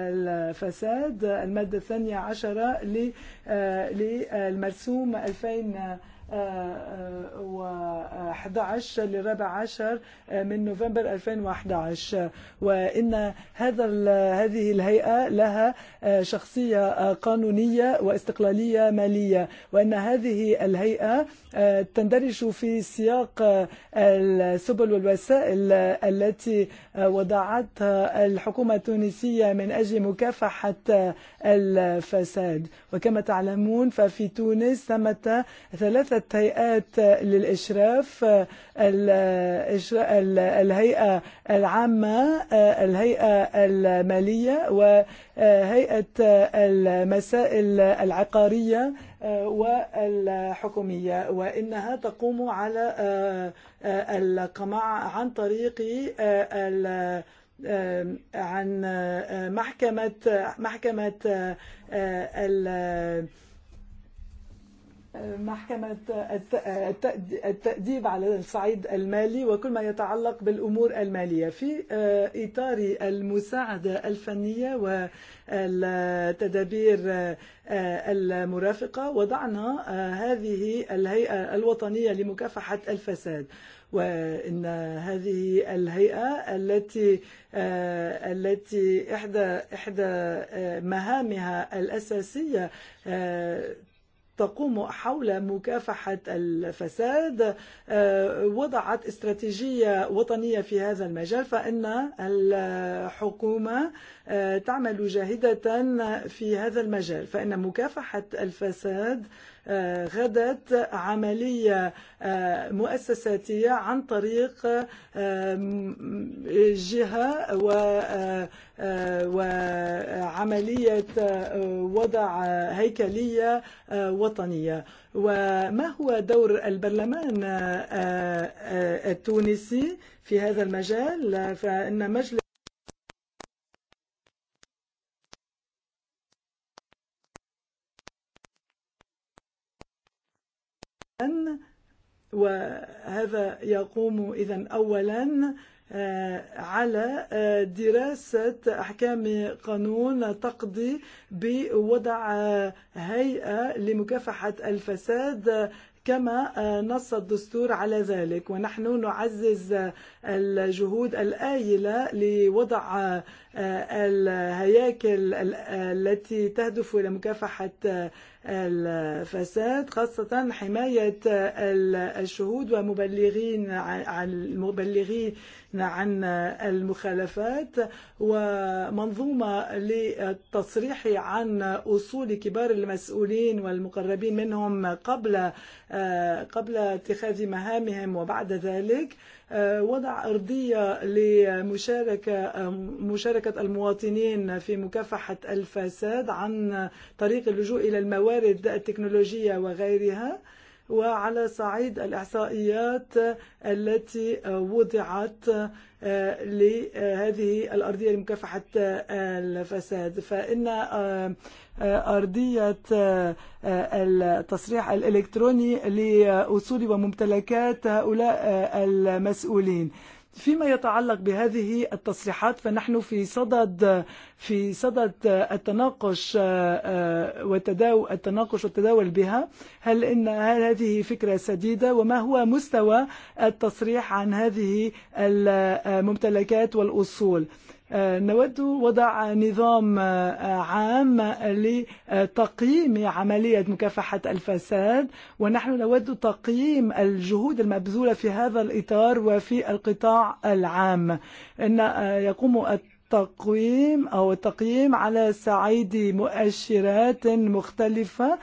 الفساد المادة الثانية عشرة للمرسوم 2000 11 للرابع عشر من نوفمبر 2011 وإن هذا هذه الهيئة لها شخصية قانونية واستقلالية مالية وإن هذه الهيئة تندرج في سياق السبل والوسائل التي وضعتها الحكومة التونسية من أجل مكافحة الفساد وكما تعلمون ففي تونس ثمة ثلاثة التيئات للإشراف الهيئة العامة الهيئة المالية وهيئة المسائل العقارية والحكومية وإنها تقوم على القمع عن طريق عن محكمة محكمة محكمة التأديب على الصعيد المالي وكل ما يتعلق بالأمور المالية في إطار المساعدة الفنية والتدابير المرافقة وضعنا هذه الهيئة الوطنية لمكافحة الفساد وإن هذه الهيئة التي التي إحدى إحدى مهامها الأساسية تقوم حول مكافحة الفساد وضعت استراتيجية وطنية في هذا المجال فإن الحكومة تعمل جاهدة في هذا المجال فإن مكافحة الفساد غدت عملية مؤسساتية عن طريق جهة وعملية وضع هيكلية وطنية وما هو دور البرلمان التونسي في هذا المجال فإن مجلس وهذا يقوم إذا أولا على دراسة أحكام قانون تقضي بوضع هيئة لمكافحة الفساد كما نص الدستور على ذلك ونحن نعزز الجهود الآيلة لوضع الهياكل التي تهدف إلى مكافحة الفساد خاصة حماية الشهود ومبلغين عن المبلغين عن المخالفات ومنظومة للتصريح عن أصول كبار المسؤولين والمقربين منهم قبل قبل اتخاذ مهامهم وبعد ذلك وضع أرضية لمشاركة مشاركة المواطنين في مكافحة الفساد عن طريق اللجوء إلى الموارد التكنولوجية وغيرها وعلى صعيد الإحصائيات التي وضعت لهذه الأرضية لمكافحة الفساد فإن أرضية التصريح الإلكتروني لأصول وممتلكات هؤلاء المسؤولين فيما يتعلق بهذه التصريحات فنحن في صدد في صدد التناقش والتداول التناقش والتداول بها هل ان هل هذه فكره سديده وما هو مستوى التصريح عن هذه الممتلكات والاصول نود وضع نظام عام لتقييم عملية مكافحة الفساد ونحن نود تقييم الجهود المبذولة في هذا الإطار وفي القطاع العام إن يقوم التقويم أو التقييم على سعيد مؤشرات مختلفة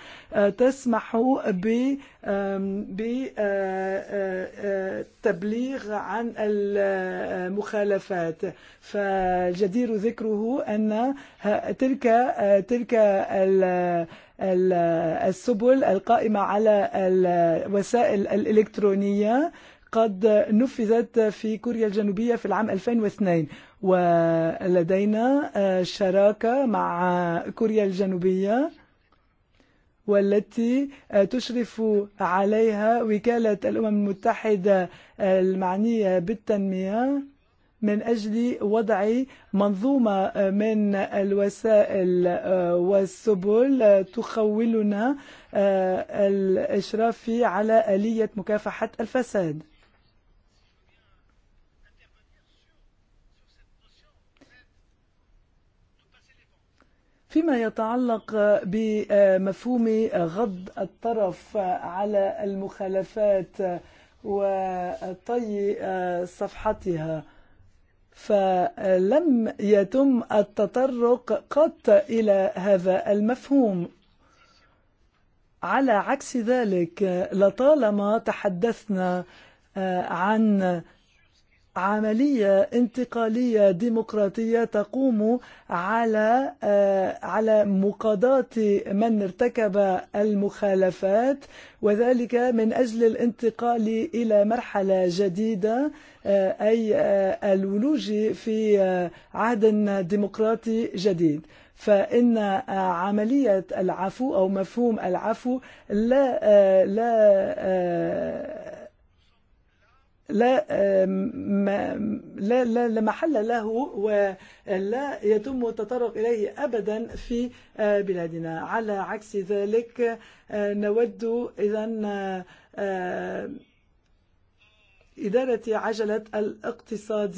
تسمح ب بتبليغ عن المخالفات فجدير ذكره أن تلك تلك السبل القائمة على الوسائل الإلكترونية قد نفذت في كوريا الجنوبية في العام 2002 ولدينا شراكة مع كوريا الجنوبية والتي تشرف عليها وكالة الأمم المتحدة المعنية بالتنمية من أجل وضع منظومة من الوسائل والسبل تخولنا الإشراف على آلية مكافحة الفساد فيما يتعلق بمفهوم غض الطرف على المخالفات وطي صفحتها فلم يتم التطرق قط إلى هذا المفهوم على عكس ذلك لطالما تحدثنا عن عملية انتقالية ديمقراطية تقوم على على مقاضاة من ارتكب المخالفات وذلك من أجل الانتقال إلى مرحلة جديدة أي الولوج في عهد ديمقراطي جديد فإن عملية العفو أو مفهوم العفو لا لا لا لا لا, محل له ولا يتم التطرق اليه ابدا في بلادنا على عكس ذلك نود اذا اداره عجله الاقتصاد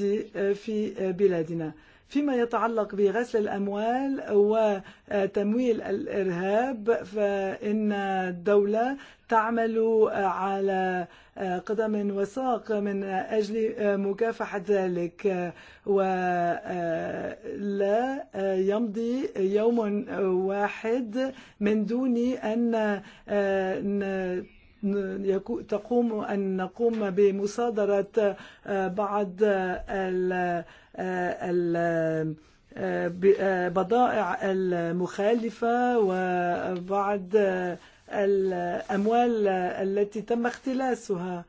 في بلادنا فيما يتعلق بغسل الأموال وتمويل الإرهاب فإن الدولة تعمل على قدم وساق من أجل مكافحة ذلك ولا يمضي يوم واحد من دون أن تقوم أن نقوم بمصادرة بعض البضائع المخالفة وبعض الأموال التي تم اختلاسها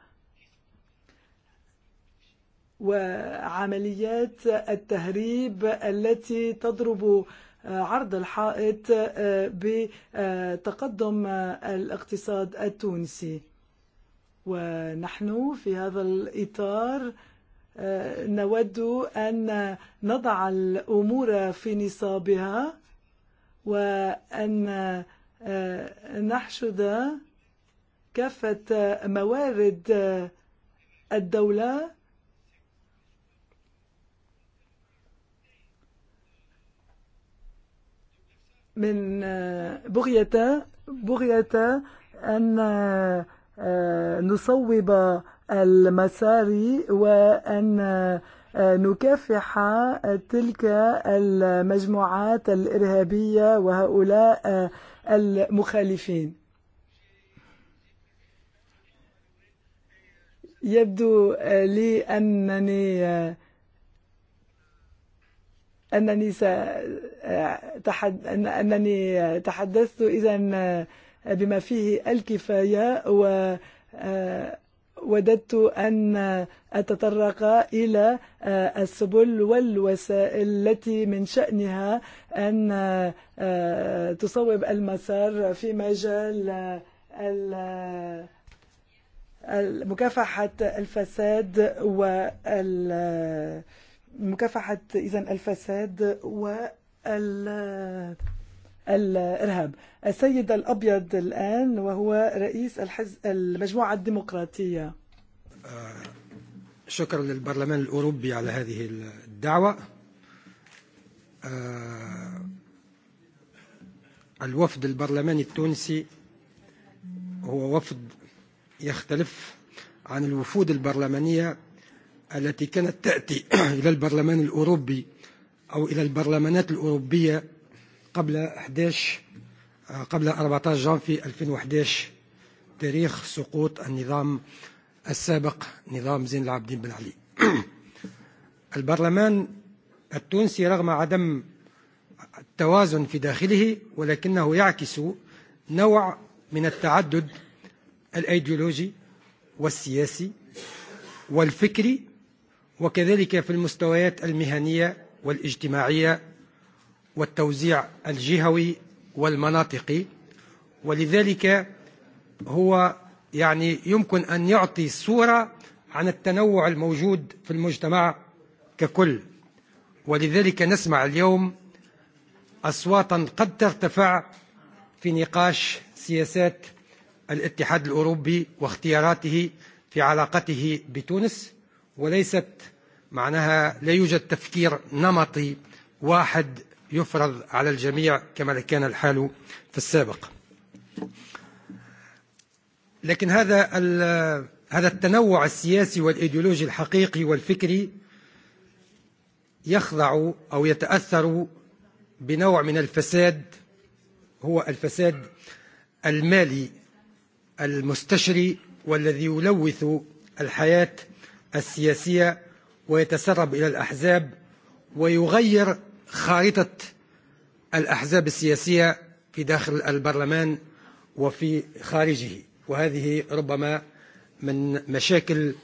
وعمليات التهريب التي تضرب عرض الحائط بتقدم الاقتصاد التونسي ونحن في هذا الإطار نود أن نضع الأمور في نصابها وأن نحشد كافة موارد الدولة من بغية بغية أن نصوب المساري وأن نكافح تلك المجموعات الإرهابية وهؤلاء المخالفين يبدو لي أنني أنني أنني تحدثت إذا بما فيه الكفاية و وددت أن أتطرق إلى السبل والوسائل التي من شأنها أن تصوب المسار في مجال مكافحة الفساد ومكافحة إذا الفساد والمكافحة الإرهاب السيد الأبيض الآن وهو رئيس الحز... المجموعة الديمقراطية شكرا للبرلمان الأوروبي على هذه الدعوة الوفد البرلماني التونسي هو وفد يختلف عن الوفود البرلمانية التي كانت تأتي إلى البرلمان الأوروبي أو إلى البرلمانات الأوروبية قبل 11 قبل 14 جانفي 2011 تاريخ سقوط النظام السابق نظام زين العابدين بن علي البرلمان التونسي رغم عدم التوازن في داخله ولكنه يعكس نوع من التعدد الايديولوجي والسياسي والفكري وكذلك في المستويات المهنية والاجتماعية والتوزيع الجهوي والمناطقي ولذلك هو يعني يمكن أن يعطي صورة عن التنوع الموجود في المجتمع ككل ولذلك نسمع اليوم أصواتا قد ترتفع في نقاش سياسات الاتحاد الأوروبي واختياراته في علاقته بتونس وليست معناها لا يوجد تفكير نمطي واحد يفرض على الجميع كما كان الحال في السابق لكن هذا هذا التنوع السياسي والإيديولوجي الحقيقي والفكري يخضع أو يتأثر بنوع من الفساد هو الفساد المالي المستشري والذي يلوث الحياة السياسية ويتسرب إلى الأحزاب ويغير خارطة الأحزاب السياسية في داخل البرلمان وفي خارجه وهذه ربما من مشاكل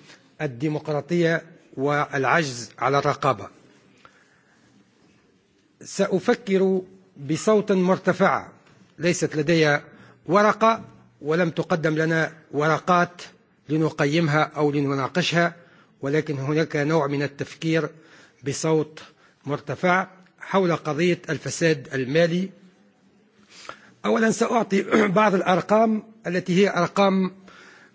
الديمقراطية والعجز على الرقابة سأفكر بصوت مرتفع ليست لدي ورقة ولم تقدم لنا ورقات لنقيمها أو لنناقشها ولكن هناك نوع من التفكير بصوت مرتفع حول قضية الفساد المالي أولا سأعطي بعض الأرقام التي هي أرقام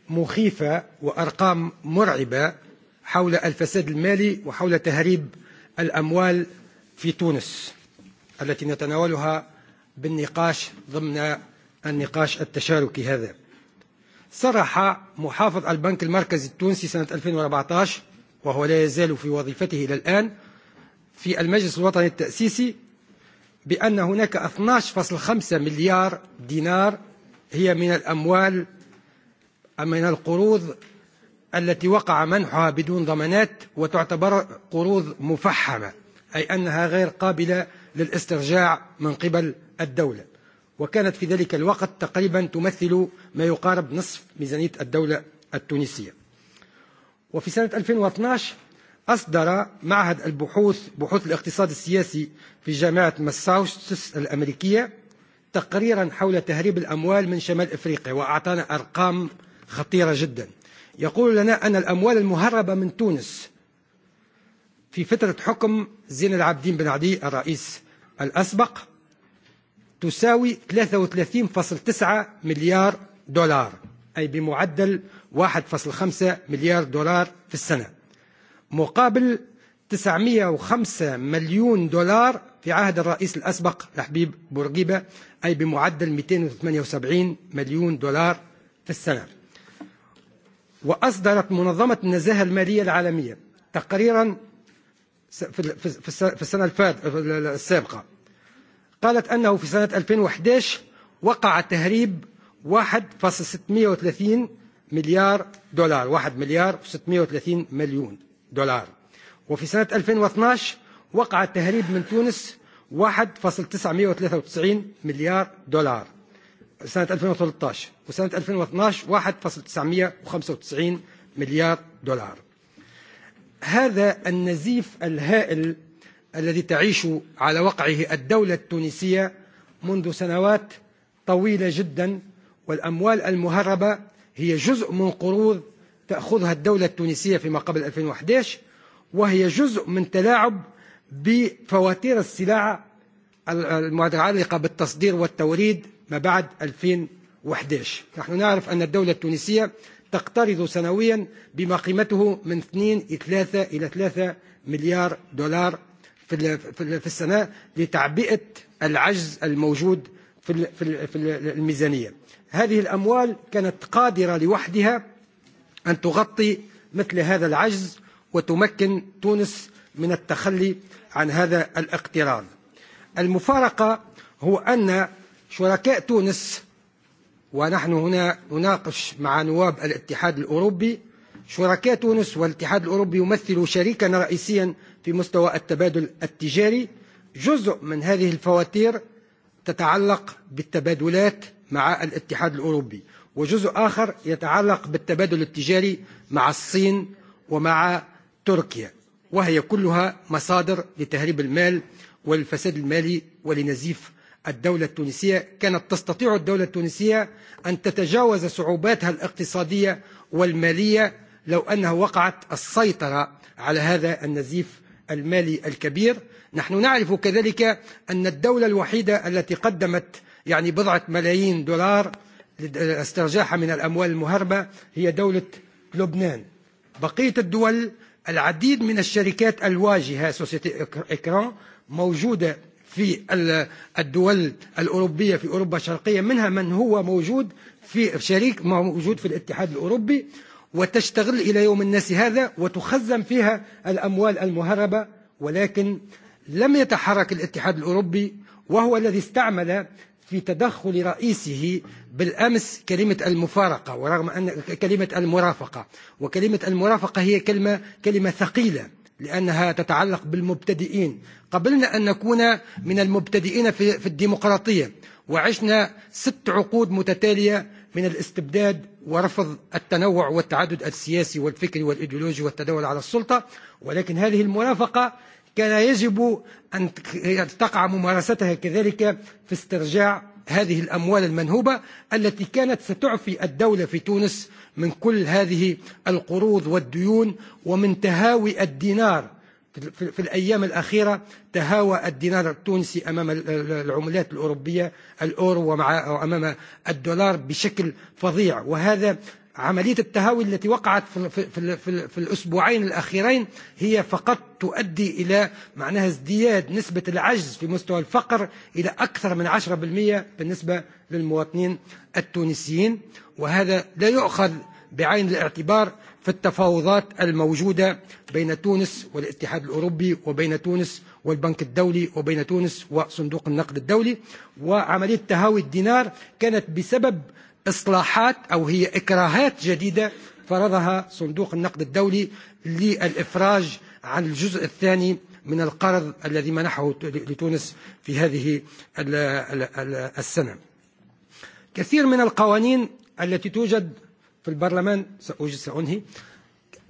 مخيفة وأرقام مرعبة حول الفساد المالي وحول تهريب الأموال في تونس التي نتناولها بالنقاش ضمن النقاش التشاركي هذا صرح محافظ البنك المركزي التونسي سنة 2014 وهو لا يزال في وظيفته إلى الآن في المجلس الوطني التأسيسي بأن هناك 12.5 مليار دينار هي من الأموال من القروض التي وقع منحها بدون ضمانات وتعتبر قروض مفحمة أي أنها غير قابلة للاسترجاع من قبل الدولة وكانت في ذلك الوقت تقريبا تمثل ما يقارب نصف ميزانية الدولة التونسية وفي سنة 2012 أصدر معهد البحوث بحوث الاقتصاد السياسي في جامعة ماساوشتس الأمريكية تقريرا حول تهريب الأموال من شمال إفريقيا وأعطانا أرقام خطيرة جدا يقول لنا أن الأموال المهربة من تونس في فترة حكم زين العابدين بن عدي الرئيس الأسبق تساوي 33.9 مليار دولار أي بمعدل 1.5 مليار دولار في السنة مقابل 905 مليون دولار في عهد الرئيس الأسبق لحبيب بورقيبة أي بمعدل 278 مليون دولار في السنة وأصدرت منظمة النزاهة المالية العالمية تقريرا في السنة السابقة قالت أنه في سنة 2011 وقع تهريب 1.630 مليار دولار 1 مليار 630 مليون دولار وفي سنة 2012 وقع التهريب من تونس 1.993 مليار دولار سنة 2013 وسنة 2012 1.995 مليار دولار هذا النزيف الهائل الذي تعيش على وقعه الدولة التونسية منذ سنوات طويلة جدا والأموال المهربة هي جزء من قروض تأخذها الدولة التونسية فيما قبل 2011 وهي جزء من تلاعب بفواتير السلع المتعلقة بالتصدير والتوريد ما بعد 2011 نحن نعرف أن الدولة التونسية تقترض سنويا بما قيمته من 2 إلى 3 إلى 3 مليار دولار في السنة لتعبئة العجز الموجود في الميزانية هذه الأموال كانت قادرة لوحدها أن تغطي مثل هذا العجز وتمكن تونس من التخلي عن هذا الاقتراض المفارقة هو أن شركاء تونس ونحن هنا نناقش مع نواب الاتحاد الأوروبي شركاء تونس والاتحاد الأوروبي يمثل شريكا رئيسيا في مستوى التبادل التجاري جزء من هذه الفواتير تتعلق بالتبادلات مع الاتحاد الأوروبي وجزء آخر يتعلق بالتبادل التجاري مع الصين ومع تركيا وهي كلها مصادر لتهريب المال والفساد المالي ولنزيف الدولة التونسية كانت تستطيع الدولة التونسية أن تتجاوز صعوباتها الاقتصادية والمالية لو أنها وقعت السيطرة على هذا النزيف المالي الكبير نحن نعرف كذلك أن الدولة الوحيدة التي قدمت يعني بضعة ملايين دولار استرجاعها من الأموال المهربة هي دولة لبنان بقية الدول العديد من الشركات الواجهة سوسيتي إكران موجودة في الدول الأوروبية في أوروبا الشرقية منها من هو موجود في شريك موجود في الاتحاد الأوروبي وتشتغل إلى يوم الناس هذا وتخزن فيها الأموال المهربة ولكن لم يتحرك الاتحاد الأوروبي وهو الذي استعمل في تدخل رئيسه بالأمس كلمة المفارقة ورغم أن كلمة المرافقة وكلمة المرافقة هي كلمة, كلمة ثقيلة لأنها تتعلق بالمبتدئين قبلنا أن نكون من المبتدئين في, في الديمقراطية وعشنا ست عقود متتالية من الاستبداد ورفض التنوع والتعدد السياسي والفكري والإيديولوجي والتداول على السلطة ولكن هذه المرافقة كان يجب أن تقع ممارستها كذلك في استرجاع هذه الأموال المنهوبة التي كانت ستعفي الدولة في تونس من كل هذه القروض والديون ومن تهاوي الدينار في الأيام الأخيرة تهاوى الدينار التونسي أمام العملات الأوروبية الأورو ومع أمام الدولار بشكل فظيع وهذا عملية التهاوي التي وقعت في, في, في, في الأسبوعين الأخيرين هي فقط تؤدي إلى معناها ازدياد نسبة العجز في مستوى الفقر إلى أكثر من 10% بالنسبة للمواطنين التونسيين وهذا لا يؤخذ بعين الاعتبار في التفاوضات الموجودة بين تونس والاتحاد الأوروبي وبين تونس والبنك الدولي وبين تونس وصندوق النقد الدولي وعملية تهاوي الدينار كانت بسبب إصلاحات أو هي إكراهات جديدة فرضها صندوق النقد الدولي للإفراج عن الجزء الثاني من القرض الذي منحه لتونس في هذه السنة كثير من القوانين التي توجد في البرلمان سأنهي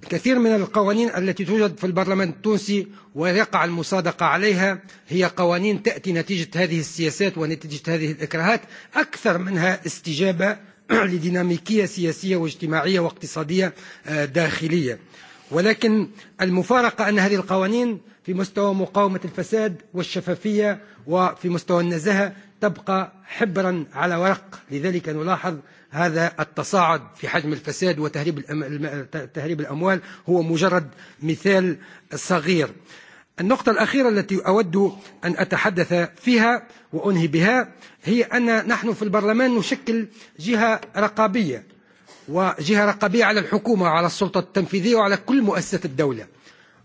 الكثير من القوانين التي توجد في البرلمان التونسي ويقع المصادقة عليها هي قوانين تأتي نتيجة هذه السياسات ونتيجة هذه الإكراهات أكثر منها استجابة لديناميكية سياسية واجتماعية واقتصادية داخلية ولكن المفارقة أن هذه القوانين في مستوى مقاومة الفساد والشفافية وفي مستوى النزاهة تبقى حبرا على ورق لذلك نلاحظ هذا التصاعد في حجم الفساد وتهريب تهريب الأموال هو مجرد مثال صغير النقطة الأخيرة التي أود أن أتحدث فيها وأنهي بها هي أن نحن في البرلمان نشكل جهة رقابية وجهة رقابية على الحكومة وعلى السلطة التنفيذية وعلى كل مؤسسة الدولة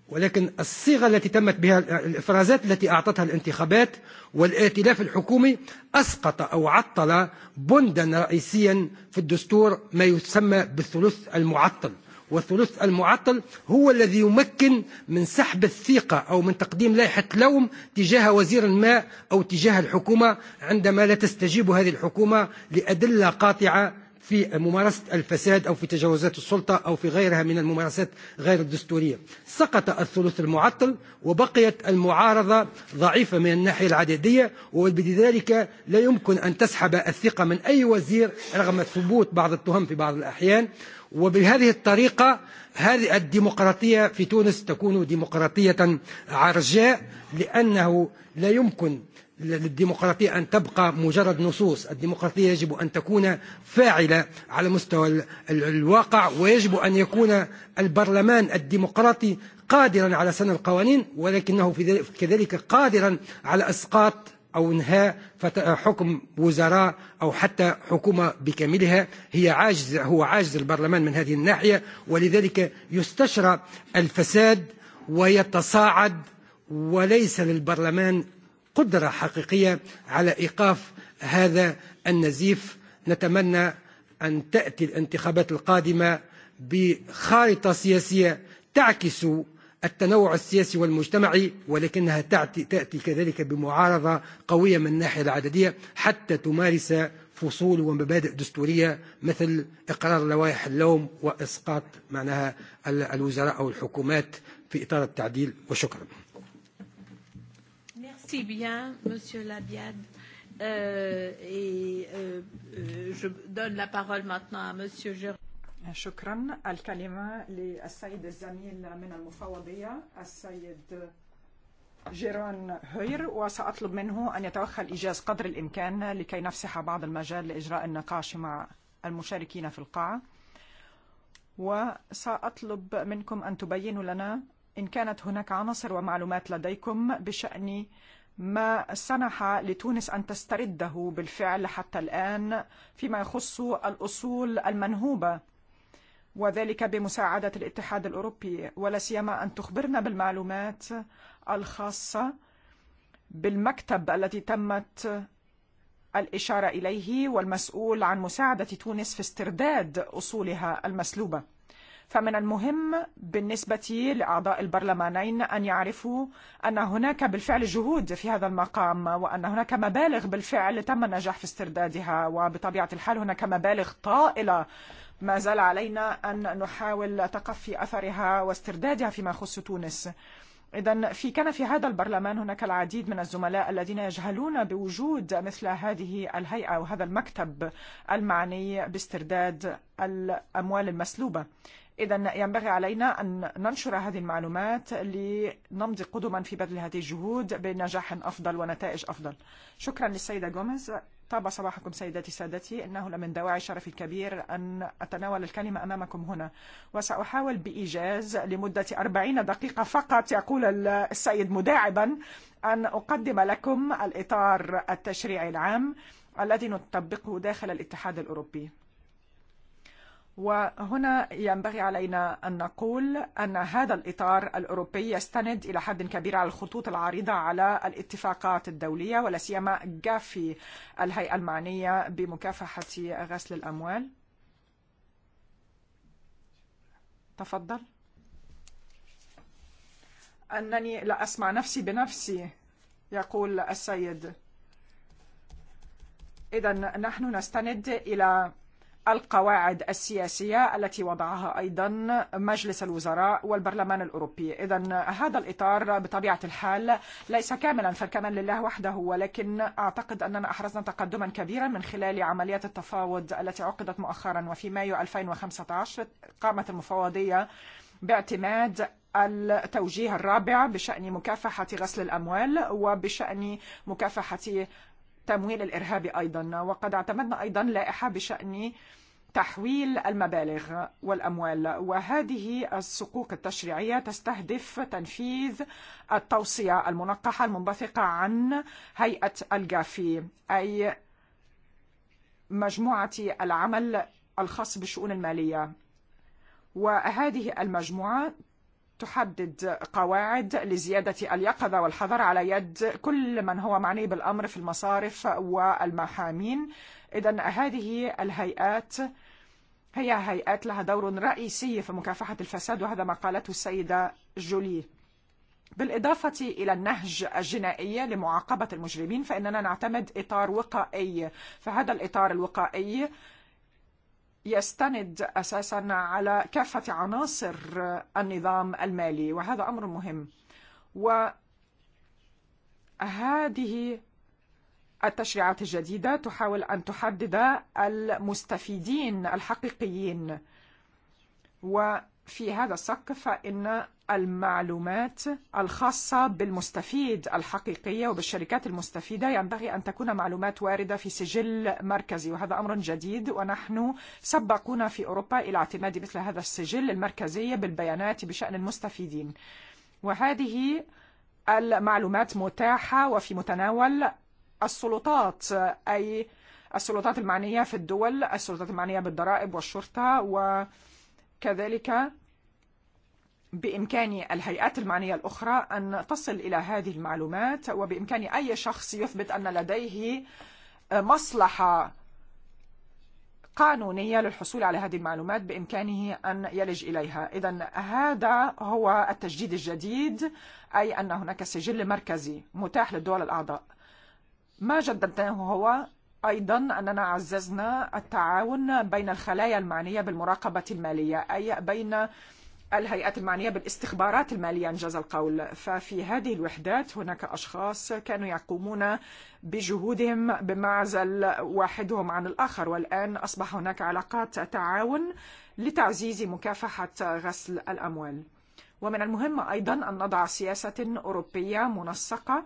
ولكن الصيغة التي تمت بها الإفرازات التي أعطتها الانتخابات والائتلاف الحكومي أسقط أو عطل بندا رئيسيا في الدستور ما يسمى بالثلث المعطل والثلث المعطل هو الذي يمكن من سحب الثقة أو من تقديم لائحة لوم تجاه وزير ما أو تجاه الحكومة عندما لا تستجيب هذه الحكومة لأدلة قاطعة في ممارسة الفساد أو في تجاوزات السلطة أو في غيرها من الممارسات غير الدستورية سقط الثلث المعطل وبقيت المعارضة ضعيفة من الناحية العددية وبذلك لا يمكن أن تسحب الثقة من أي وزير رغم ثبوت بعض التهم في بعض الأحيان وبهذه الطريقة هذه الديمقراطية في تونس تكون ديمقراطية عرجاء لأنه لا يمكن للديمقراطية أن تبقى مجرد نصوص الديمقراطية يجب أن تكون فاعلة على مستوى الواقع ويجب أن يكون البرلمان الديمقراطي قادرا على سن القوانين ولكنه في كذلك قادرا على أسقاط أو إنهاء حكم وزراء أو حتى حكومة بكاملها هي عاجز هو عاجز البرلمان من هذه الناحية ولذلك يستشرى الفساد ويتصاعد وليس للبرلمان قدرة حقيقية على إيقاف هذا النزيف نتمنى أن تأتي الانتخابات القادمة بخارطة سياسية تعكس التنوع السياسي والمجتمعي ولكنها تأتي كذلك بمعارضة قوية من الناحية العددية حتى تمارس فصول ومبادئ دستورية مثل إقرار لوائح اللوم وإسقاط معناها الوزراء أو الحكومات في إطار التعديل وشكرا Merci bien, Monsieur Labiad. Euh, et euh, euh, je donne la parole maintenant à Monsieur Gérard. شكرا الكلمة للسيد الزميل من المفوضية السيد جيران هير وسأطلب منه أن يتوخى الإجاز قدر الإمكان لكي نفسح بعض المجال لإجراء النقاش مع المشاركين في القاعة وسأطلب منكم أن تبينوا لنا إن كانت هناك عناصر ومعلومات لديكم بشأن ما سنح لتونس أن تسترده بالفعل حتى الآن فيما يخص الأصول المنهوبة وذلك بمساعدة الاتحاد الأوروبي ولا سيما أن تخبرنا بالمعلومات الخاصة بالمكتب التي تمت الإشارة إليه والمسؤول عن مساعدة تونس في استرداد أصولها المسلوبة فمن المهم بالنسبة لأعضاء البرلمانين أن يعرفوا أن هناك بالفعل جهود في هذا المقام وأن هناك مبالغ بالفعل تم النجاح في استردادها وبطبيعة الحال هناك مبالغ طائلة ما زال علينا أن نحاول تقفي أثرها واستردادها فيما يخص تونس إذا في كان في هذا البرلمان هناك العديد من الزملاء الذين يجهلون بوجود مثل هذه الهيئة وهذا المكتب المعني باسترداد الأموال المسلوبة إذن ينبغي علينا أن ننشر هذه المعلومات لنمضي قدما في بذل هذه الجهود بنجاح أفضل ونتائج أفضل شكرا للسيدة جوميز طاب صباحكم سيداتي سادتي إنه لمن دواعي شرفي الكبير أن أتناول الكلمة أمامكم هنا وسأحاول بإيجاز لمدة أربعين دقيقة فقط يقول السيد مداعبا أن أقدم لكم الإطار التشريعي العام الذي نطبقه داخل الاتحاد الأوروبي وهنا ينبغي علينا أن نقول أن هذا الإطار الأوروبي يستند إلى حد كبير على الخطوط العريضة على الاتفاقات الدولية ولا سيما جافي الهيئة المعنية بمكافحة غسل الأموال. تفضل. أنني لا أسمع نفسي بنفسي يقول السيد إذا نحن نستند إلى القواعد السياسية التي وضعها أيضا مجلس الوزراء والبرلمان الأوروبي إذا هذا الإطار بطبيعة الحال ليس كاملا فالكمال لله وحده ولكن أعتقد أننا أحرزنا تقدما كبيرا من خلال عمليات التفاوض التي عقدت مؤخرا وفي مايو 2015 قامت المفوضية باعتماد التوجيه الرابع بشأن مكافحة غسل الأموال وبشأن مكافحة تمويل الإرهاب أيضا وقد اعتمدنا أيضا لائحة بشأن تحويل المبالغ والأموال وهذه الصكوك التشريعية تستهدف تنفيذ التوصية المنقحة المنبثقة عن هيئة الجافي أي مجموعة العمل الخاص بالشؤون المالية وهذه المجموعة تحدد قواعد لزيادة اليقظة والحذر على يد كل من هو معني بالأمر في المصارف والمحامين إذا هذه الهيئات هي هيئات لها دور رئيسي في مكافحة الفساد وهذا ما قالته السيدة جولي بالإضافة إلى النهج الجنائي لمعاقبة المجرمين فإننا نعتمد إطار وقائي فهذا الإطار الوقائي يستند أساسا على كافة عناصر النظام المالي وهذا أمر مهم وهذه التشريعات الجديدة تحاول أن تحدد المستفيدين الحقيقيين وفي هذا السق فإن المعلومات الخاصة بالمستفيد الحقيقية وبالشركات المستفيدة ينبغي أن تكون معلومات واردة في سجل مركزي وهذا أمر جديد ونحن سبقونا في أوروبا إلى اعتماد مثل هذا السجل المركزي بالبيانات بشأن المستفيدين وهذه المعلومات متاحة وفي متناول السلطات أي السلطات المعنية في الدول السلطات المعنية بالضرائب والشرطة وكذلك بإمكان الهيئات المعنية الأخرى أن تصل إلى هذه المعلومات وبإمكان أي شخص يثبت أن لديه مصلحة قانونية للحصول على هذه المعلومات بإمكانه أن يلج إليها إذا هذا هو التجديد الجديد أي أن هناك سجل مركزي متاح للدول الأعضاء ما جددناه هو أيضا أننا عززنا التعاون بين الخلايا المعنية بالمراقبة المالية أي بين الهيئات المعنية بالاستخبارات المالية انجاز القول ففي هذه الوحدات هناك أشخاص كانوا يقومون بجهودهم بمعزل واحدهم عن الآخر والآن أصبح هناك علاقات تعاون لتعزيز مكافحة غسل الأموال ومن المهم أيضا أن نضع سياسة أوروبية منسقة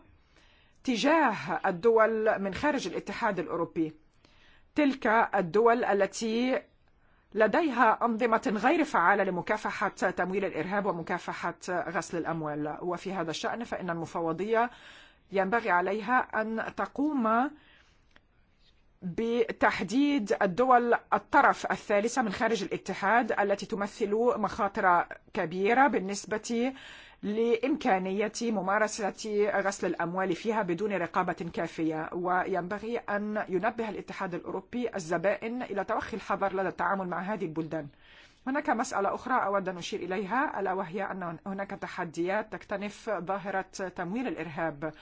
تجاه الدول من خارج الاتحاد الأوروبي تلك الدول التي لديها أنظمة غير فعالة لمكافحة تمويل الإرهاب ومكافحة غسل الأموال وفي هذا الشأن فإن المفوضية ينبغي عليها أن تقوم بتحديد الدول الطرف الثالثة من خارج الاتحاد التي تمثل مخاطر كبيرة بالنسبة لإمكانية ممارسة غسل الأموال فيها بدون رقابة l وينبغي أن ينبه الاتحاد الأوروبي الزبائن إلى توخي الحذر لدى التعامل مع هذه البلدان هناك مسألة أخرى أود أن أشير إليها ألا وهي أن هناك تحديات تكتنف ظاهرة تمويل الإرهاب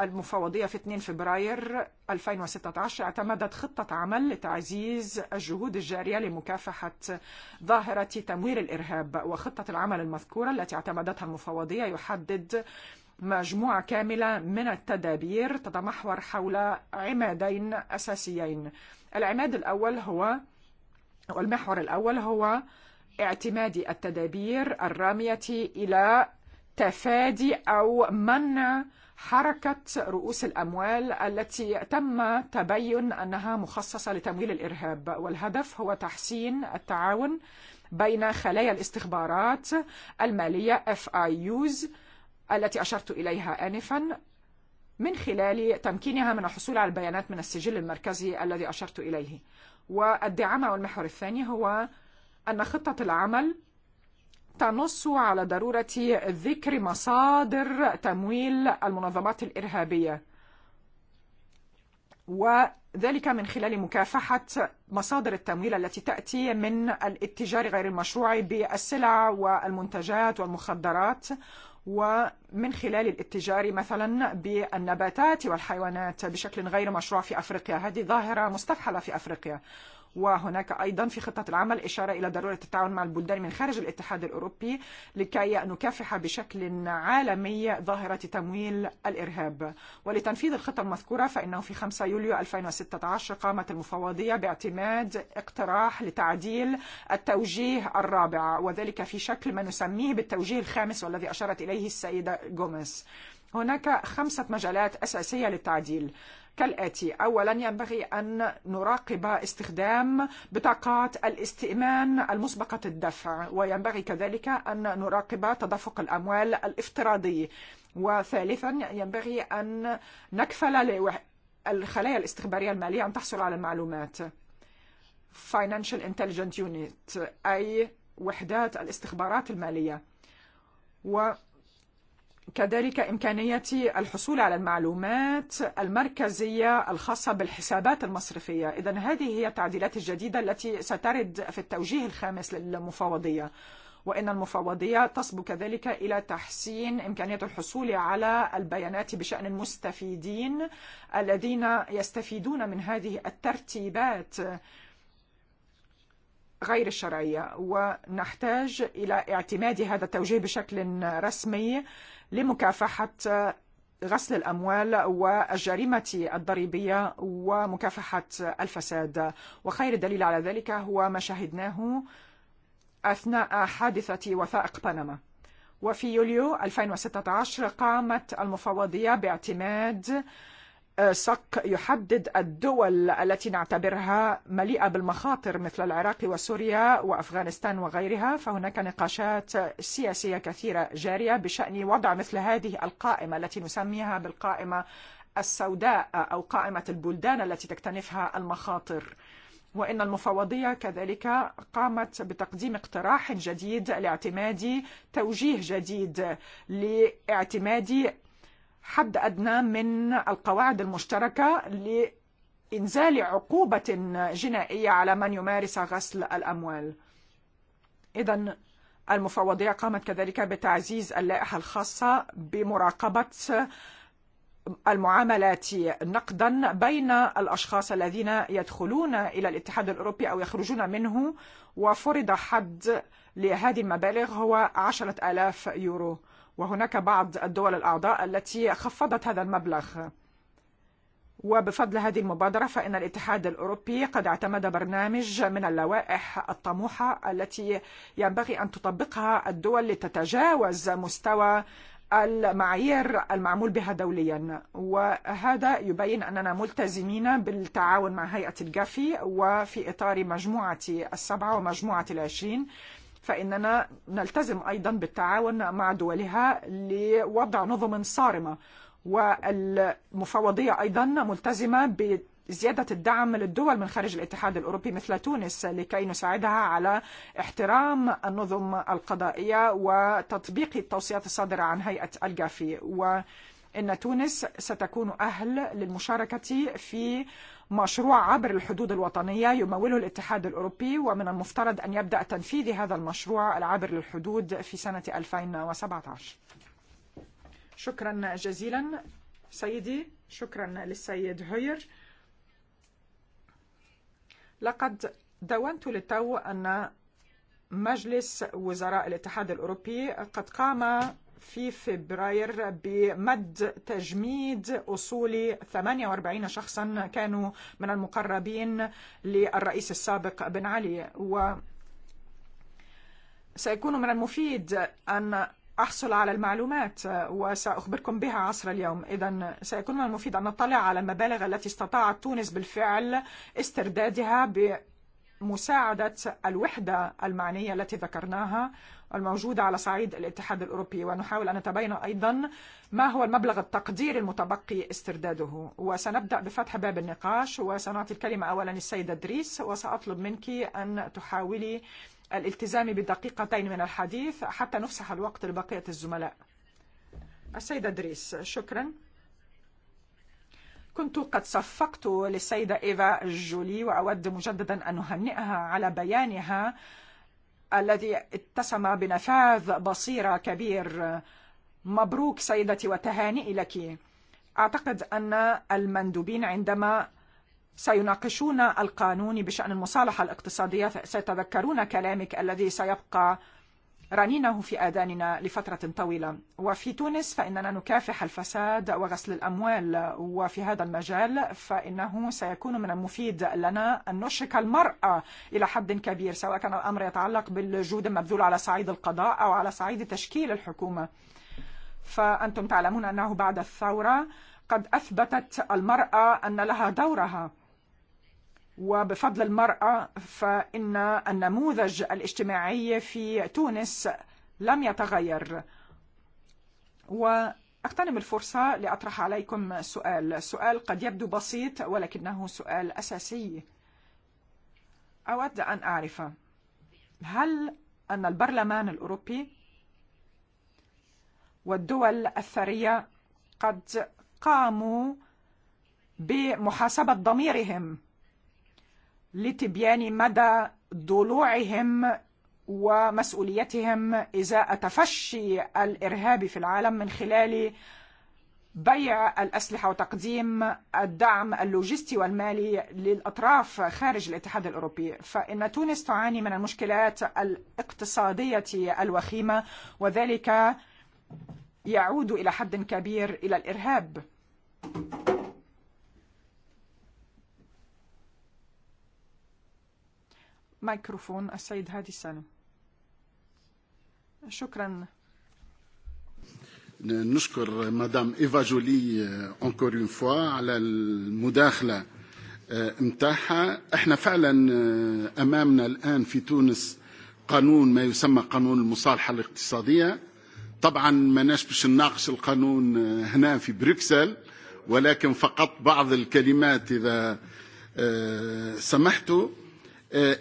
المفوضية في 2 فبراير 2016 اعتمدت خطة عمل لتعزيز الجهود الجارية لمكافحة ظاهرة تمويل الإرهاب وخطة العمل المذكورة التي اعتمدتها المفوضية يحدد مجموعة كاملة من التدابير تتمحور حول عمادين أساسيين العماد الأول هو أو المحور الأول هو اعتماد التدابير الرامية إلى تفادي أو منع حركة رؤوس الأموال التي تم تبين أنها مخصصة لتمويل الإرهاب والهدف هو تحسين التعاون بين خلايا الاستخبارات المالية FIUs التي أشرت إليها آنفا من خلال تمكينها من الحصول على البيانات من السجل المركزي الذي أشرت إليه والدعم والمحور الثاني هو أن خطة العمل تنص على ضرورة ذكر مصادر تمويل المنظمات الإرهابية وذلك من خلال مكافحة مصادر التمويل التي تأتي من الاتجار غير المشروع بالسلع والمنتجات والمخدرات ومن خلال الاتجار مثلا بالنباتات والحيوانات بشكل غير مشروع في أفريقيا هذه ظاهرة مستفحلة في أفريقيا وهناك أيضا في خطة العمل إشارة إلى ضرورة التعاون مع البلدان من خارج الاتحاد الأوروبي لكي نكافح بشكل عالمي ظاهرة تمويل الإرهاب ولتنفيذ الخطة المذكورة فإنه في 5 يوليو 2016 قامت المفوضية باعتماد اقتراح لتعديل التوجيه الرابع وذلك في شكل ما نسميه بالتوجيه الخامس والذي أشارت إليه السيدة جوميز هناك خمسة مجالات أساسية للتعديل كالآتي أولا ينبغي أن نراقب استخدام بطاقات الاستئمان المسبقة الدفع وينبغي كذلك أن نراقب تدفق الأموال الافتراضي وثالثا ينبغي أن نكفل الخلايا الاستخبارية المالية أن تحصل على المعلومات Financial Intelligent Unit أي وحدات الاستخبارات المالية وثالثا كذلك إمكانية الحصول على المعلومات المركزية الخاصة بالحسابات المصرفية إذا هذه هي التعديلات الجديدة التي سترد في التوجيه الخامس للمفاوضية وإن المفاوضية تصب كذلك إلى تحسين إمكانية الحصول على البيانات بشأن المستفيدين الذين يستفيدون من هذه الترتيبات غير الشرعية ونحتاج إلى اعتماد هذا التوجيه بشكل رسمي لمكافحة غسل الأموال والجريمة الضريبية ومكافحة الفساد وخير دليل على ذلك هو ما شاهدناه أثناء حادثة وثائق بنما وفي يوليو 2016 قامت المفوضية باعتماد صك يحدد الدول التي نعتبرها مليئة بالمخاطر مثل العراق وسوريا وأفغانستان وغيرها فهناك نقاشات سياسية كثيرة جارية بشأن وضع مثل هذه القائمة التي نسميها بالقائمة السوداء أو قائمة البلدان التي تكتنفها المخاطر وإن المفوضية كذلك قامت بتقديم اقتراح جديد لاعتماد توجيه جديد لاعتماد حد أدنى من القواعد المشتركة لإنزال عقوبة جنائية على من يمارس غسل الأموال إذا المفوضية قامت كذلك بتعزيز اللائحة الخاصة بمراقبة المعاملات نقدا بين الأشخاص الذين يدخلون إلى الاتحاد الأوروبي أو يخرجون منه وفرض حد لهذه المبالغ هو عشرة آلاف يورو وهناك بعض الدول الأعضاء التي خفضت هذا المبلغ وبفضل هذه المبادرة فإن الاتحاد الأوروبي قد اعتمد برنامج من اللوائح الطموحة التي ينبغي أن تطبقها الدول لتتجاوز مستوى المعايير المعمول بها دوليا وهذا يبين أننا ملتزمين بالتعاون مع هيئة الجافي وفي إطار مجموعة السبعة ومجموعة العشرين فإننا نلتزم أيضا بالتعاون مع دولها لوضع نظم صارمة والمفوضية أيضا ملتزمة ب زيادة الدعم للدول من خارج الاتحاد الأوروبي مثل تونس لكي نساعدها على احترام النظم القضائية وتطبيق التوصيات الصادرة عن هيئة الجافي وإن تونس ستكون أهل للمشاركة في مشروع عبر الحدود الوطنية يموله الاتحاد الأوروبي ومن المفترض أن يبدأ تنفيذ هذا المشروع العبر للحدود في سنة 2017 شكرا جزيلا سيدي شكرا للسيد هير لقد دونت للتو أن مجلس وزراء الاتحاد الأوروبي قد قام في فبراير بمد تجميد أصول 48 شخصا كانوا من المقربين للرئيس السابق بن علي و سيكون من المفيد أن أحصل على المعلومات وسأخبركم بها عصر اليوم إذا سيكون من المفيد أن نطلع على المبالغ التي استطاعت تونس بالفعل استردادها ب مساعدة الوحدة المعنية التي ذكرناها الموجودة على صعيد الاتحاد الأوروبي ونحاول أن نتبين أيضا ما هو المبلغ التقدير المتبقي استرداده وسنبدأ بفتح باب النقاش وسنعطي الكلمة أولا للسيدة دريس وسأطلب منك أن تحاولي الالتزام بدقيقتين من الحديث حتى نفسح الوقت لبقية الزملاء السيدة دريس شكرا كنت قد صفقت للسيدة إيفا جولي وأود مجددا أن أهنئها على بيانها الذي اتسم بنفاذ بصيرة كبير مبروك سيدتي وتهانئي لك أعتقد أن المندوبين عندما سيناقشون القانون بشأن المصالحة الاقتصادية سيتذكرون كلامك الذي سيبقى رنينه في آذاننا لفترة طويلة وفي تونس فإننا نكافح الفساد وغسل الأموال وفي هذا المجال فإنه سيكون من المفيد لنا أن نشرك المرأة إلى حد كبير سواء كان الأمر يتعلق بالجهود المبذولة على صعيد القضاء أو على صعيد تشكيل الحكومة فأنتم تعلمون أنه بعد الثورة قد أثبتت المرأة أن لها دورها وبفضل المرأة فإن النموذج الاجتماعي في تونس لم يتغير وأقتنم الفرصة لأطرح عليكم سؤال سؤال قد يبدو بسيط ولكنه سؤال أساسي أود أن أعرف هل أن البرلمان الأوروبي والدول الثرية قد قاموا بمحاسبة ضميرهم لتبيان مدى ضلوعهم ومسؤوليتهم إزاء تفشي الإرهاب في العالم من خلال بيع الأسلحة وتقديم الدعم اللوجستي والمالي للأطراف خارج الاتحاد الأوروبي فإن تونس تعاني من المشكلات الاقتصادية الوخيمة وذلك يعود إلى حد كبير إلى الإرهاب mikrofon مايكروفون السيد هادي سالم شكرا نشكر مدام إيفا جولي أنكور اون فوا على المداخلة متاعها احنا فعلا أمامنا الآن في تونس قانون ما يسمى قانون المصالحة الاقتصادية طبعا ماناش باش نناقش القانون هنا في بروكسل ولكن فقط بعض الكلمات إذا سمحتوا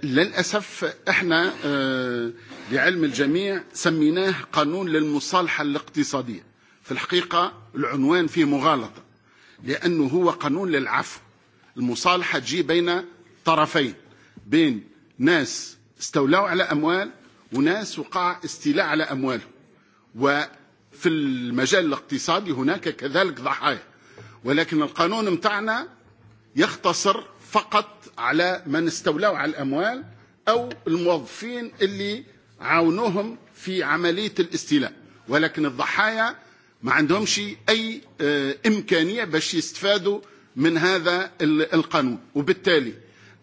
للأسف احنا لعلم الجميع سميناه قانون للمصالحة الاقتصادية في الحقيقة العنوان فيه مغالطة لأنه هو قانون للعفو المصالحة تجي بين طرفين بين ناس استولوا على أموال وناس وقع استيلاء على أمواله وفي المجال الاقتصادي هناك كذلك ضحايا ولكن القانون متعنا يختصر فقط على من استولوا على الأموال أو الموظفين اللي عاونوهم في عملية الاستيلاء ولكن الضحايا ما عندهمش أي إمكانية باش يستفادوا من هذا القانون وبالتالي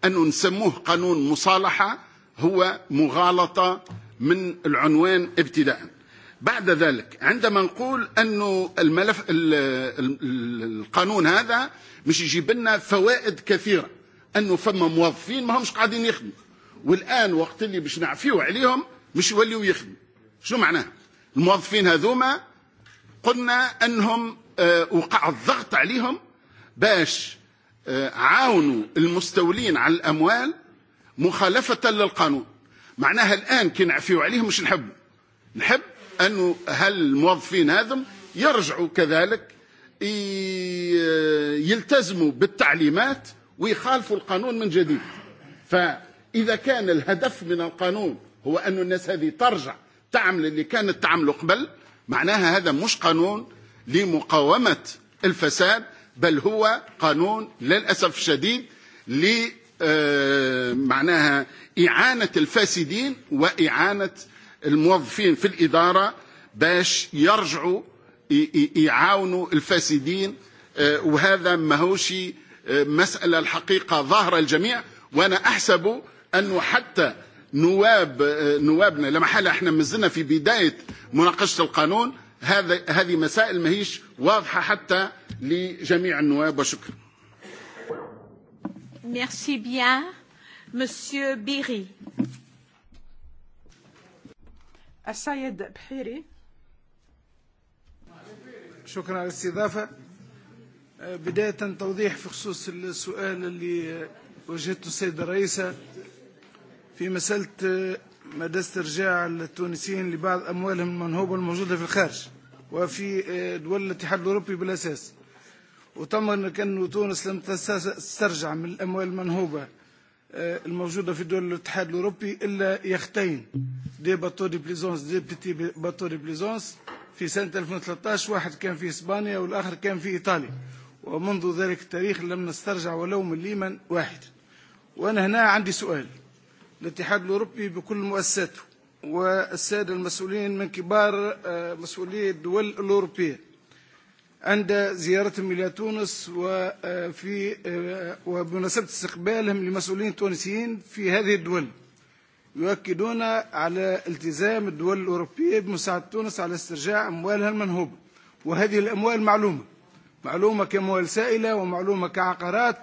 أن نسموه قانون مصالحة هو مغالطة من العنوان ابتداء بعد ذلك عندما نقول أن الملف القانون هذا مش يجيب لنا فوائد كثيرة انه فما موظفين ما همش قاعدين يخدموا والان وقت اللي باش نعفيو عليهم مش يوليو يخدموا شنو معناه الموظفين هذوما قلنا انهم آه وقع الضغط عليهم باش آه عاونوا المستولين على الاموال مخالفة للقانون معناها الان كي نعفيو عليهم مش نحب نحب انه هالموظفين هذم يرجعوا كذلك يلتزموا بالتعليمات ويخالفوا القانون من جديد فإذا كان الهدف من القانون هو أن الناس هذه ترجع تعمل اللي كانت تعمله قبل معناها هذا مش قانون لمقاومة الفساد بل هو قانون للأسف الشديد ل معناها إعانة الفاسدين وإعانة الموظفين في الإدارة باش يرجعوا يعاونوا الفاسدين وهذا ماهوش مسألة الحقيقة ظاهرة الجميع وأنا أحسب أنه حتى نواب نوابنا لما حال احنا مزلنا في بداية مناقشة القانون هذا هذه مسائل ماهيش واضحة حتى لجميع النواب وشكرا. Merci bien, Monsieur Biri. السيد بحيري شكرا على الاستضافة بداية توضيح في خصوص السؤال اللي وجهته السيدة الرئيسة في مسألة مدى استرجاع التونسيين لبعض أموالهم المنهوبة الموجودة في الخارج وفي دول الاتحاد الأوروبي بالأساس وطمنا كأن تونس لم تسترجع من الأموال المنهوبة الموجودة في دول الاتحاد الأوروبي إلا يختين دي باتو دي بليزونس دي بتي باتو دي بليزونس في سنة 2013 واحد كان في إسبانيا والآخر كان في إيطاليا ومنذ ذلك التاريخ لم نسترجع ولو مليما واحد وأنا هنا عندي سؤال الاتحاد الأوروبي بكل مؤسساته والسادة المسؤولين من كبار مسؤولي الدول الأوروبية عند زيارتهم إلى تونس وفي وبمناسبة استقبالهم لمسؤولين تونسيين في هذه الدول يؤكدون على التزام الدول الأوروبية بمساعدة تونس على استرجاع أموالها المنهوبة وهذه الأموال معلومة معلومة كموال سائلة ومعلومة كعقارات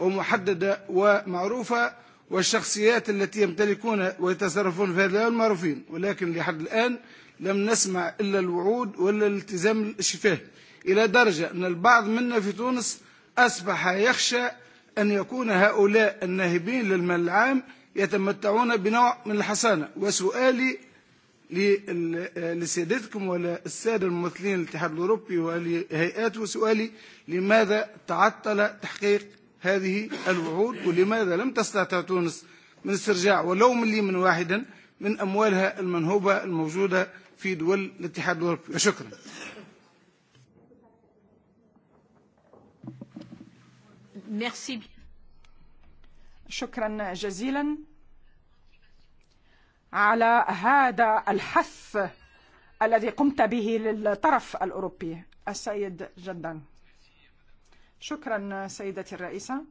ومحددة ومعروفة والشخصيات التي يمتلكون ويتصرفون في هذا المعروفين ولكن لحد الآن لم نسمع إلا الوعود ولا الالتزام الشفاه إلى درجة أن البعض منا في تونس أصبح يخشى أن يكون هؤلاء الناهبين للمال العام يتمتعون بنوع من الحصانة وسؤالي لسيادتكم السادة الممثلين للاتحاد الأوروبي ولهيئاته سؤالي لماذا تعطل تحقيق هذه الوعود ولماذا لم تستطع تونس من استرجاع ولو من واحدا من أموالها المنهوبة الموجودة في دول الاتحاد الأوروبي شكرا شكرا جزيلا على هذا الحث الذي قمت به للطرف الأوروبي السيد جدا شكرا سيدتي الرئيسة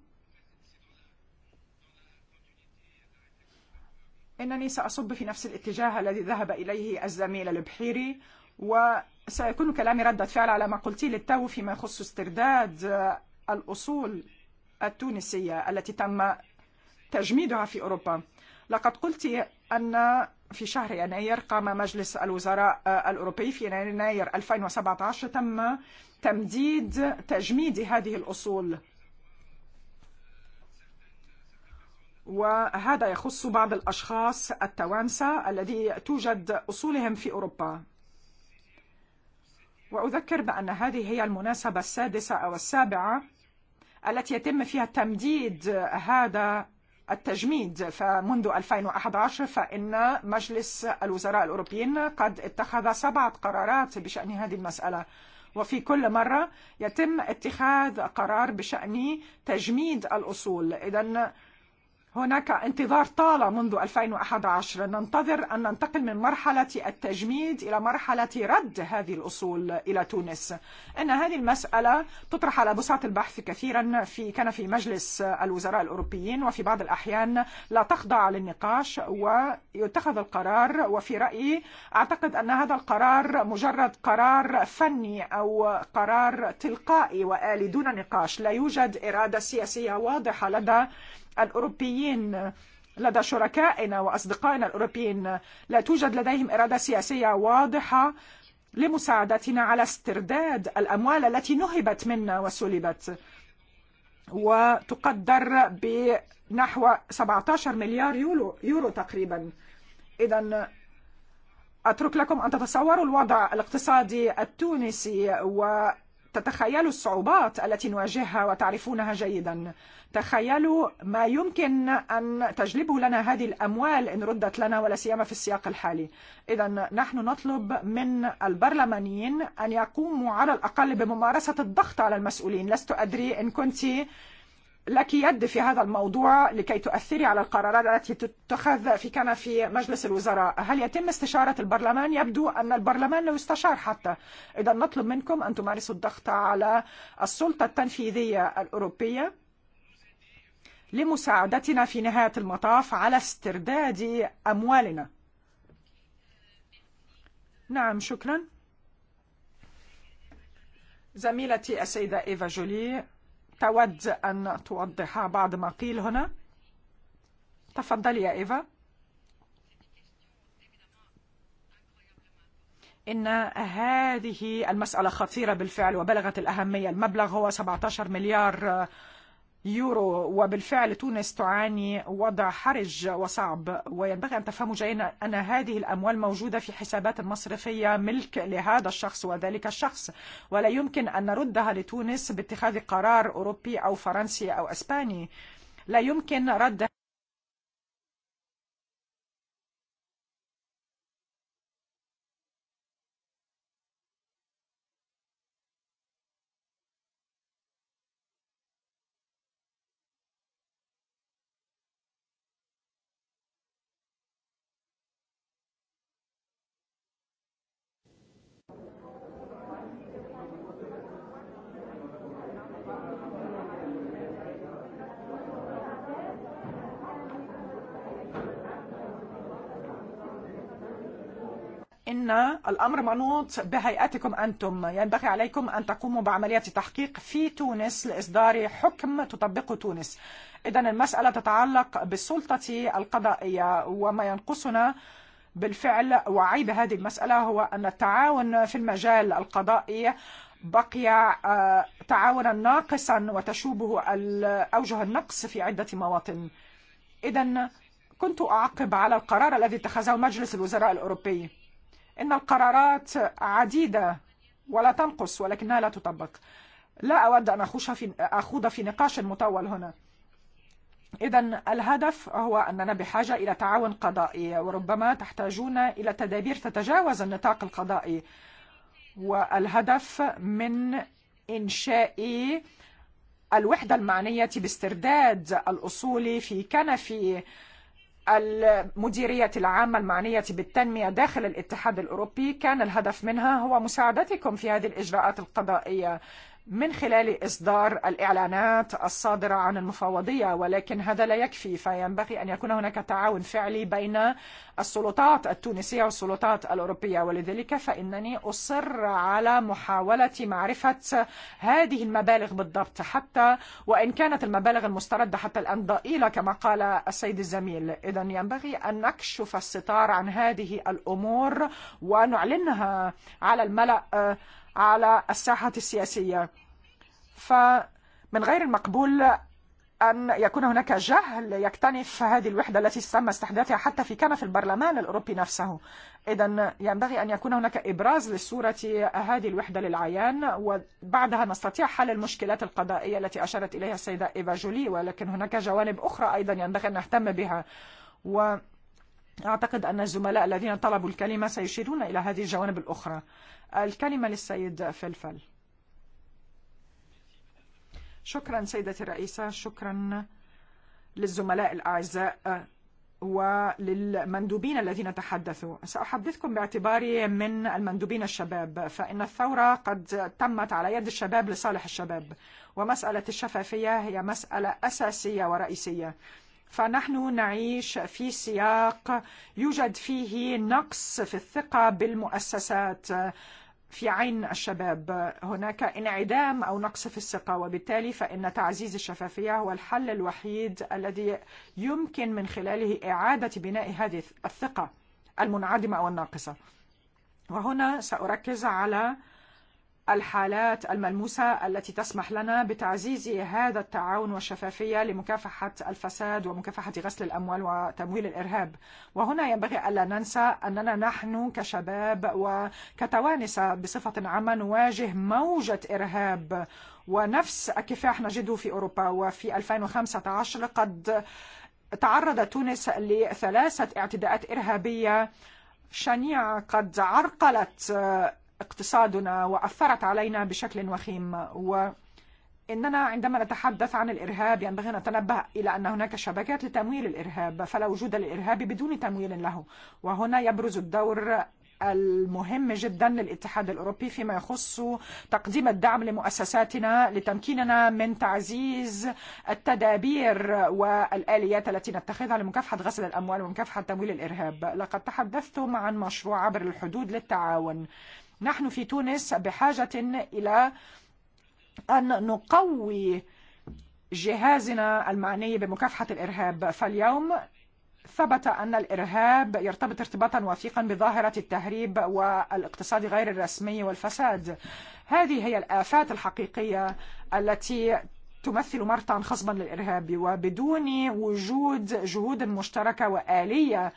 إنني سأصب في نفس الاتجاه الذي ذهب إليه الزميل البحيري وسيكون كلامي ردة فعل على ما قلتي للتو فيما يخص استرداد الأصول التونسية التي تم تجميدها في أوروبا لقد قلت أن في شهر يناير قام مجلس الوزراء الأوروبي في يناير 2017 تم تمديد تجميد هذه الأصول وهذا يخص بعض الأشخاص التوانسة الذي توجد أصولهم في أوروبا وأذكر بأن هذه هي المناسبة السادسة أو السابعة التي يتم فيها تمديد هذا التجميد فمنذ 2011 فإن مجلس الوزراء الأوروبيين قد اتخذ سبعة قرارات بشأن هذه المسألة وفي كل مرة يتم اتخاذ قرار بشأن تجميد الأصول إذا هناك انتظار طال منذ 2011 ننتظر أن ننتقل من مرحلة التجميد إلى مرحلة رد هذه الأصول إلى تونس أن هذه المسألة تطرح على بساط البحث كثيرا في كان في مجلس الوزراء الأوروبيين وفي بعض الأحيان لا تخضع للنقاش ويتخذ القرار وفي رأيي أعتقد أن هذا القرار مجرد قرار فني أو قرار تلقائي وآلي دون نقاش لا يوجد إرادة سياسية واضحة لدى الأوروبيين لدى شركائنا وأصدقائنا الأوروبيين لا توجد لديهم إرادة سياسية واضحة لمساعدتنا على استرداد الأموال التي نهبت منا وسلبت وتقدر بنحو 17 مليار يورو, يورو تقريبا إذا أترك لكم أن تتصوروا الوضع الاقتصادي التونسي و تتخيلوا الصعوبات التي نواجهها وتعرفونها جيدا تخيلوا ما يمكن أن تجلبه لنا هذه الأموال إن ردت لنا ولا سيما في السياق الحالي إذا نحن نطلب من البرلمانيين أن يقوموا على الأقل بممارسة الضغط على المسؤولين لست أدري إن كنت لك يد في هذا الموضوع لكي تؤثري على القرارات التي تتخذ في كان في مجلس الوزراء هل يتم استشارة البرلمان؟ يبدو أن البرلمان لا يستشار حتى إذا نطلب منكم أن تمارسوا الضغط على السلطة التنفيذية الأوروبية لمساعدتنا في نهاية المطاف على استرداد أموالنا نعم شكرا زميلتي السيدة إيفا جولي تود أن توضح بعض ما قيل هنا تفضل يا إيفا إن هذه المسألة خطيرة بالفعل وبلغت الأهمية المبلغ هو 17 مليار يورو وبالفعل تونس تعاني وضع حرج وصعب وينبغي أن تفهموا جيدا أن هذه الأموال موجودة في حسابات المصرفية ملك لهذا الشخص وذلك الشخص ولا يمكن أن نردها لتونس باتخاذ قرار أوروبي أو فرنسي أو أسباني لا يمكن ردها الأمر منوط بهيئتكم أنتم ينبغي عليكم أن تقوموا بعملية تحقيق في تونس لإصدار حكم تطبقه تونس إذا المسألة تتعلق بالسلطة القضائية وما ينقصنا بالفعل وعيب هذه المسألة هو أن التعاون في المجال القضائي بقي تعاونا ناقصا وتشوبه أوجه النقص في عدة مواطن إذا كنت أعقب على القرار الذي اتخذه مجلس الوزراء الأوروبي إن القرارات عديدة ولا تنقص ولكنها لا تطبق لا أود أن في أخوض في نقاش مطول هنا إذا الهدف هو أننا بحاجة إلى تعاون قضائي وربما تحتاجون إلى تدابير تتجاوز النطاق القضائي والهدف من إنشاء الوحدة المعنية باسترداد الأصول في كنفي المديرية العامة المعنية بالتنمية داخل الاتحاد الأوروبي كان الهدف منها هو مساعدتكم في هذه الإجراءات القضائية من خلال إصدار الإعلانات الصادرة عن المفاوضية ولكن هذا لا يكفي فينبغي أن يكون هناك تعاون فعلي بين السلطات التونسية والسلطات الأوروبية ولذلك فإنني أصر على محاولة معرفة هذه المبالغ بالضبط حتى وإن كانت المبالغ المستردة حتى الآن ضئيلة كما قال السيد الزميل إذا ينبغي أن نكشف الستار عن هذه الأمور ونعلنها على الملأ على الساحة السياسية فمن غير المقبول أن يكون هناك جهل يكتنف هذه الوحدة التي تم استحداثها حتى في كان في البرلمان الأوروبي نفسه إذا ينبغي أن يكون هناك إبراز للصورة هذه الوحدة للعيان وبعدها نستطيع حل المشكلات القضائية التي أشارت إليها السيدة إيفا جولي ولكن هناك جوانب أخرى أيضا ينبغي أن نهتم بها وأعتقد أن الزملاء الذين طلبوا الكلمة سيشيرون إلى هذه الجوانب الأخرى الكلمة للسيد فلفل شكرا سيدتي الرئيسة شكرا للزملاء الأعزاء وللمندوبين الذين تحدثوا سأحدثكم باعتباري من المندوبين الشباب فإن الثورة قد تمت على يد الشباب لصالح الشباب ومسألة الشفافية هي مسألة أساسية ورئيسية فنحن نعيش في سياق يوجد فيه نقص في الثقة بالمؤسسات في عين الشباب هناك انعدام أو نقص في الثقة وبالتالي فإن تعزيز الشفافية هو الحل الوحيد الذي يمكن من خلاله إعادة بناء هذه الثقة المنعدمة أو الناقصة وهنا سأركز على الحالات الملموسة التي تسمح لنا بتعزيز هذا التعاون والشفافية لمكافحة الفساد ومكافحة غسل الأموال وتمويل الإرهاب وهنا ينبغي ألا ننسى أننا نحن كشباب وكتوانسة بصفة عامة نواجه موجة إرهاب ونفس الكفاح نجده في أوروبا وفي 2015 قد تعرض تونس لثلاثة اعتداءات إرهابية شنيعة قد عرقلت اقتصادنا وأثرت علينا بشكل وخيم وإننا عندما نتحدث عن الإرهاب ينبغي أن نتنبه إلى أن هناك شبكات لتمويل الإرهاب فلا وجود للإرهاب بدون تمويل له وهنا يبرز الدور المهم جدا للاتحاد الأوروبي فيما يخص تقديم الدعم لمؤسساتنا لتمكيننا من تعزيز التدابير والآليات التي نتخذها لمكافحة غسل الأموال ومكافحة تمويل الإرهاب لقد تحدثتم عن مشروع عبر الحدود للتعاون نحن في تونس بحاجة إلى أن نقوي جهازنا المعني بمكافحة الإرهاب فاليوم ثبت أن الإرهاب يرتبط ارتباطا وثيقا بظاهرة التهريب والاقتصاد غير الرسمي والفساد هذه هي الآفات الحقيقية التي تمثل مرتعا خصبا للإرهاب وبدون وجود جهود مشتركة وآلية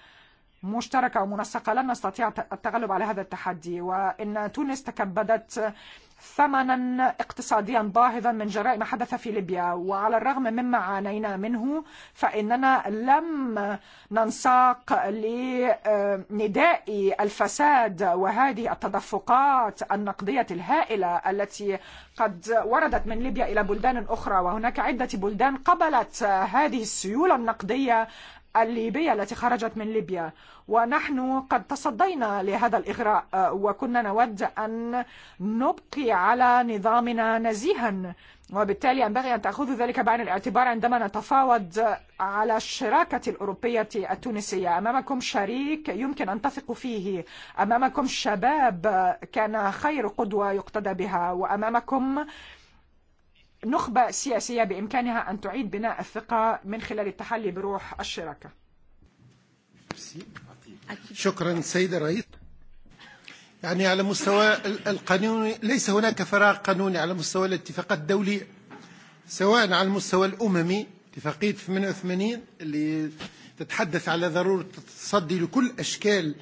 مشتركة ومنسقة لن نستطيع التغلب على هذا التحدي وإن تونس تكبدت ثمنا اقتصاديا باهظا من جراء ما حدث في ليبيا وعلى الرغم مما عانينا منه فإننا لم ننساق لنداء الفساد وهذه التدفقات النقدية الهائلة التي قد وردت من ليبيا إلى بلدان أخرى وهناك عدة بلدان قبلت هذه السيولة النقدية الليبية التي خرجت من ليبيا ونحن قد تصدينا لهذا الإغراء وكنا نود أن نبقي على نظامنا نزيها وبالتالي ينبغي أن تأخذوا ذلك بعين الاعتبار عندما نتفاوض على الشراكة الأوروبية التونسية أمامكم شريك يمكن أن تثقوا فيه أمامكم شباب كان خير قدوة يقتدى بها وأمامكم نخبة سياسية بإمكانها أن تعيد بناء الثقة من خلال التحلي بروح الشراكة شكرا سيد الرئيس يعني على مستوى القانون ليس هناك فراغ قانوني على مستوى الاتفاقات الدولية سواء على المستوى الأممي اتفاقية 88 اللي تتحدث على ضرورة التصدي لكل أشكال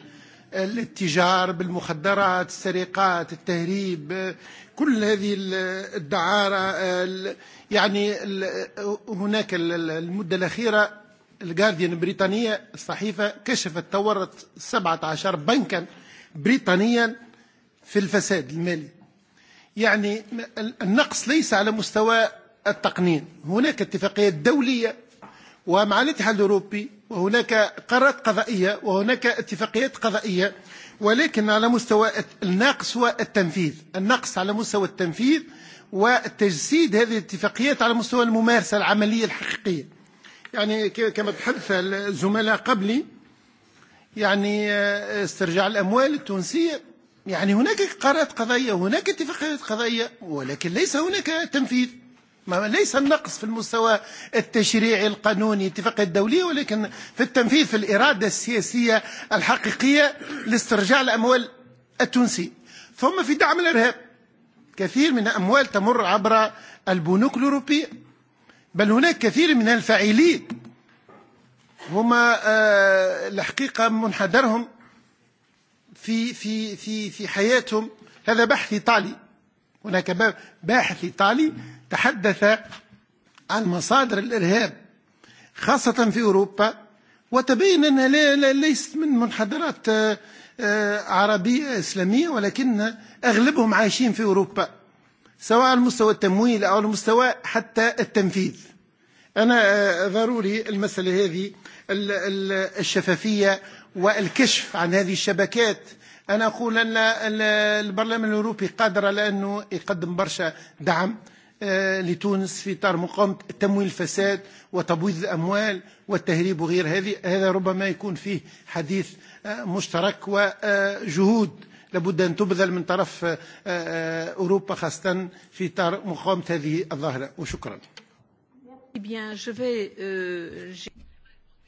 الاتجار بالمخدرات السرقات التهريب كل هذه الدعارة يعني هناك المدة الأخيرة الجارديان البريطانية الصحيفة كشفت تورط 17 بنكا بريطانيا في الفساد المالي يعني النقص ليس على مستوى التقنين هناك اتفاقيات دولية ومع الاتحاد الأوروبي وهناك قرارات قضائية وهناك اتفاقيات قضائية ولكن على مستوى النقص والتنفيذ النقص على مستوى التنفيذ وتجسيد هذه الاتفاقيات على مستوى الممارسة العملية الحقيقية يعني كما تحدث الزملاء قبلي يعني استرجاع الأموال التونسية يعني هناك قرارات قضائية هناك اتفاقيات قضائية ولكن ليس هناك تنفيذ ما ليس النقص في المستوى التشريعي القانوني اتفاق الدولي ولكن في التنفيذ في الإرادة السياسية الحقيقية لاسترجاع الأموال التونسي ثم في دعم الإرهاب كثير من الأموال تمر عبر البنوك الأوروبية بل هناك كثير من الفاعلين هما الحقيقة منحدرهم في في في في حياتهم هذا بحث إيطالي هناك باحث إيطالي تحدث عن مصادر الإرهاب خاصة في أوروبا وتبين أنها ليست من منحدرات عربية إسلامية ولكن أغلبهم عايشين في أوروبا سواء على مستوى التمويل أو على مستوى حتى التنفيذ أنا ضروري المسألة هذه الشفافية والكشف عن هذه الشبكات أنا أقول أن البرلمان الأوروبي قادر على أنه يقدم برشا دعم li لتونس في إطار مقاومة تمويل الفساد وتبويض الأموال والتهريب وغير هذه هذا ربما يكون فيه حديث مشترك وجهود لابد أن تبذل من طرف أوروبا خاصة في إطار مقاومة هذه الظاهرة وشكرا. Eh bien, je vais euh,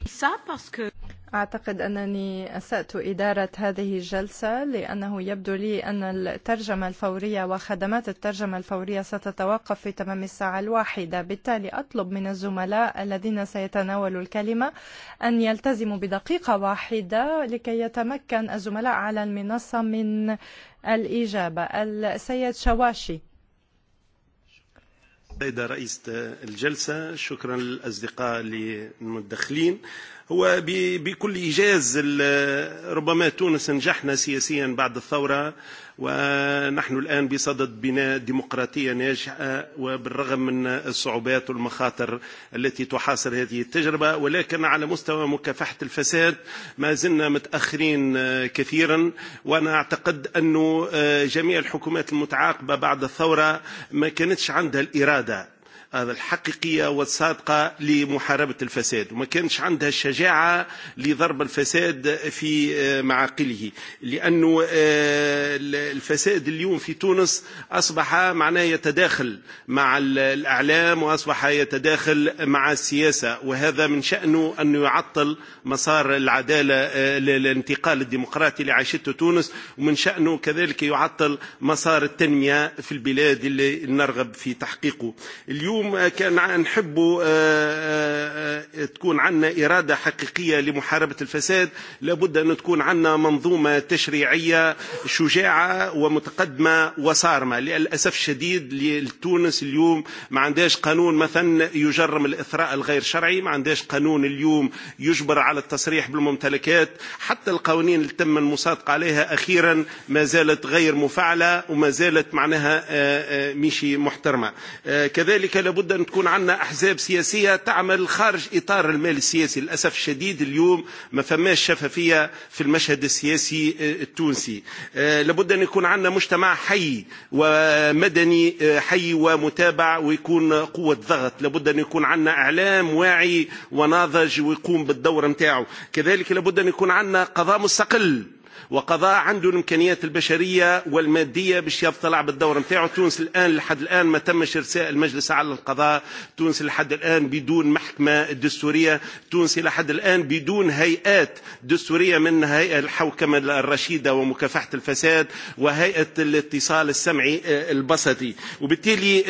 ça parce que أعتقد أنني أسأت إدارة هذه الجلسة لأنه يبدو لي أن الترجمة الفورية وخدمات الترجمة الفورية ستتوقف في تمام الساعة الواحدة بالتالي أطلب من الزملاء الذين سيتناولوا الكلمة أن يلتزموا بدقيقة واحدة لكي يتمكن الزملاء على المنصة من الإجابة السيد شواشي سيدة رئيس الجلسة شكرا للأصدقاء المدخلين هو بكل إيجاز ربما تونس نجحنا سياسيا بعد الثورة ونحن الآن بصدد بناء ديمقراطية ناجحة وبالرغم من الصعوبات والمخاطر التي تحاصر هذه التجربة ولكن على مستوى مكافحة الفساد ما زلنا متأخرين كثيرا وأنا أعتقد أن جميع الحكومات المتعاقبة بعد الثورة ما كانتش عندها الإرادة الحقيقية والصادقة لمحاربة الفساد وما كانش عندها الشجاعة لضرب الفساد في معاقله لأنه الفساد اليوم في تونس أصبح معناه يتداخل مع الأعلام وأصبح يتداخل مع السياسة وهذا من شأنه أنه يعطل مسار العدالة للانتقال الديمقراطي اللي عاشته تونس ومن شأنه كذلك يعطل مسار التنمية في البلاد اللي نرغب في تحقيقه اليوم اليوم كان نحب تكون عنا إرادة حقيقية لمحاربة الفساد لابد أن تكون عنا منظومة تشريعية شجاعة ومتقدمة وصارمة للأسف الشديد لتونس اليوم ما عندهاش قانون مثلا يجرم الإثراء الغير شرعي ما عندهاش قانون اليوم يجبر على التصريح بالممتلكات حتى القوانين اللي تم المصادقة عليها أخيرا ما زالت غير مفعلة وما زالت معناها مشي محترمة كذلك لابد أن تكون عندنا أحزاب سياسية تعمل خارج إطار المال السياسي للأسف الشديد اليوم ما فماش شفافية في المشهد السياسي التونسي لابد أن يكون عندنا مجتمع حي ومدني حي ومتابع ويكون قوة ضغط لابد أن يكون عندنا إعلام واعي وناضج ويقوم بالدور نتاعو كذلك لابد أن يكون عندنا قضاء مستقل وقضاء عنده الامكانيات البشريه والماديه باش يطلع بالدور نتاعو تونس الان لحد الان ما تمش ارساء المجلس على القضاء تونس لحد الان بدون محكمه دستوريه تونس لحد الان بدون هيئات دستوريه من هيئه الحوكمه الرشيده ومكافحه الفساد وهيئه الاتصال السمعي البسطي وبالتالي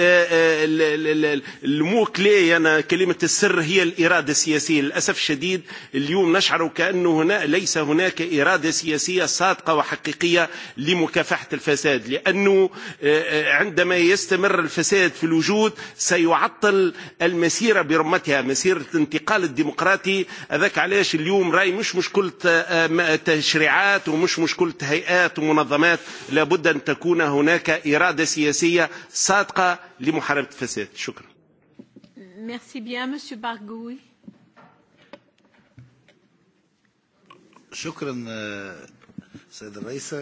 الموكلي انا كلمه السر هي الاراده السياسيه للاسف الشديد اليوم نشعر كانه هنا ليس هناك اراده سياسيه صادقة وحقيقية لمكافحة الفساد لأنه عندما يستمر الفساد في الوجود سيعطل المسيرة برمتها مسيرة الانتقال الديمقراطي هذاك علاش اليوم رأي مش مشكلة تشريعات ومش مشكلة هيئات ومنظمات لابد أن تكون هناك إرادة سياسية صادقة لمحاربة الفساد شكرا Merci bien, Monsieur Bargoui. شكرا السيد الرئيس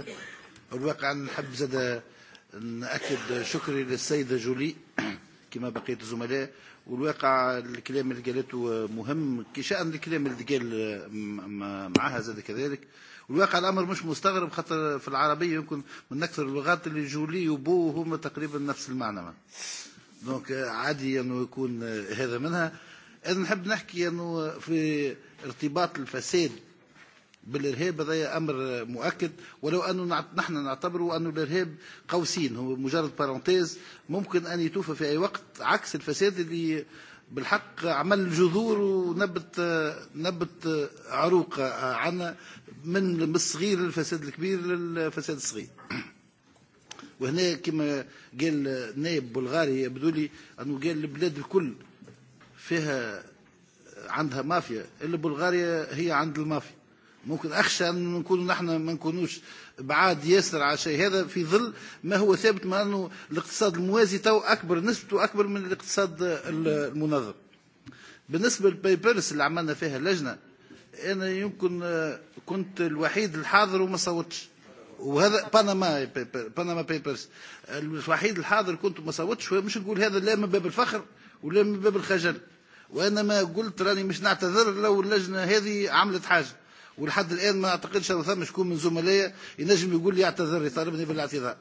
الواقع نحب زادة نأكد شكري للسيدة جولي كما بقية الزملاء والواقع الكلام اللي قالته مهم كشأن الكلام اللي قال معها زاد كذلك والواقع الأمر مش مستغرب خاطر في العربية يمكن من أكثر اللغات اللي جولي وبو هما تقريبا نفس المعنى ما. دونك عادي أنه يكون هذا منها أنا نحب نحكي أنه في ارتباط الفساد بالإرهاب هذا أمر مؤكد ولو أنه نحن نعتبره أنه الإرهاب قوسين هو مجرد بارونتيز ممكن أن يتوفى في أي وقت عكس الفساد اللي بالحق عمل جذور ونبت نبت عروق عنا من الصغير للفساد الكبير للفساد الصغير وهنا كما قال نائب بلغاري يبدو لي انه قال البلاد الكل فيها عندها مافيا الا بلغاريا هي عند المافيا ممكن أخشى أن نكون نحن ما نكونوش بعاد ياسر على شيء هذا في ظل ما هو ثابت مع أنه الاقتصاد الموازي تو أكبر نسبته أكبر من الاقتصاد المنظم بالنسبة للبيبرس اللي عملنا فيها اللجنة أنا يمكن كنت الوحيد الحاضر وما صوتش وهذا بنما بنما بيبرز الوحيد الحاضر كنت ما صوتش مش نقول هذا لا من باب الفخر ولا من باب الخجل وانما قلت راني مش نعتذر لو اللجنه هذه عملت حاجه ولحد الآن ما أعتقدش أن ثم شكون من زملائي ينجم يقول لي اعتذر يطالبني بالاعتذار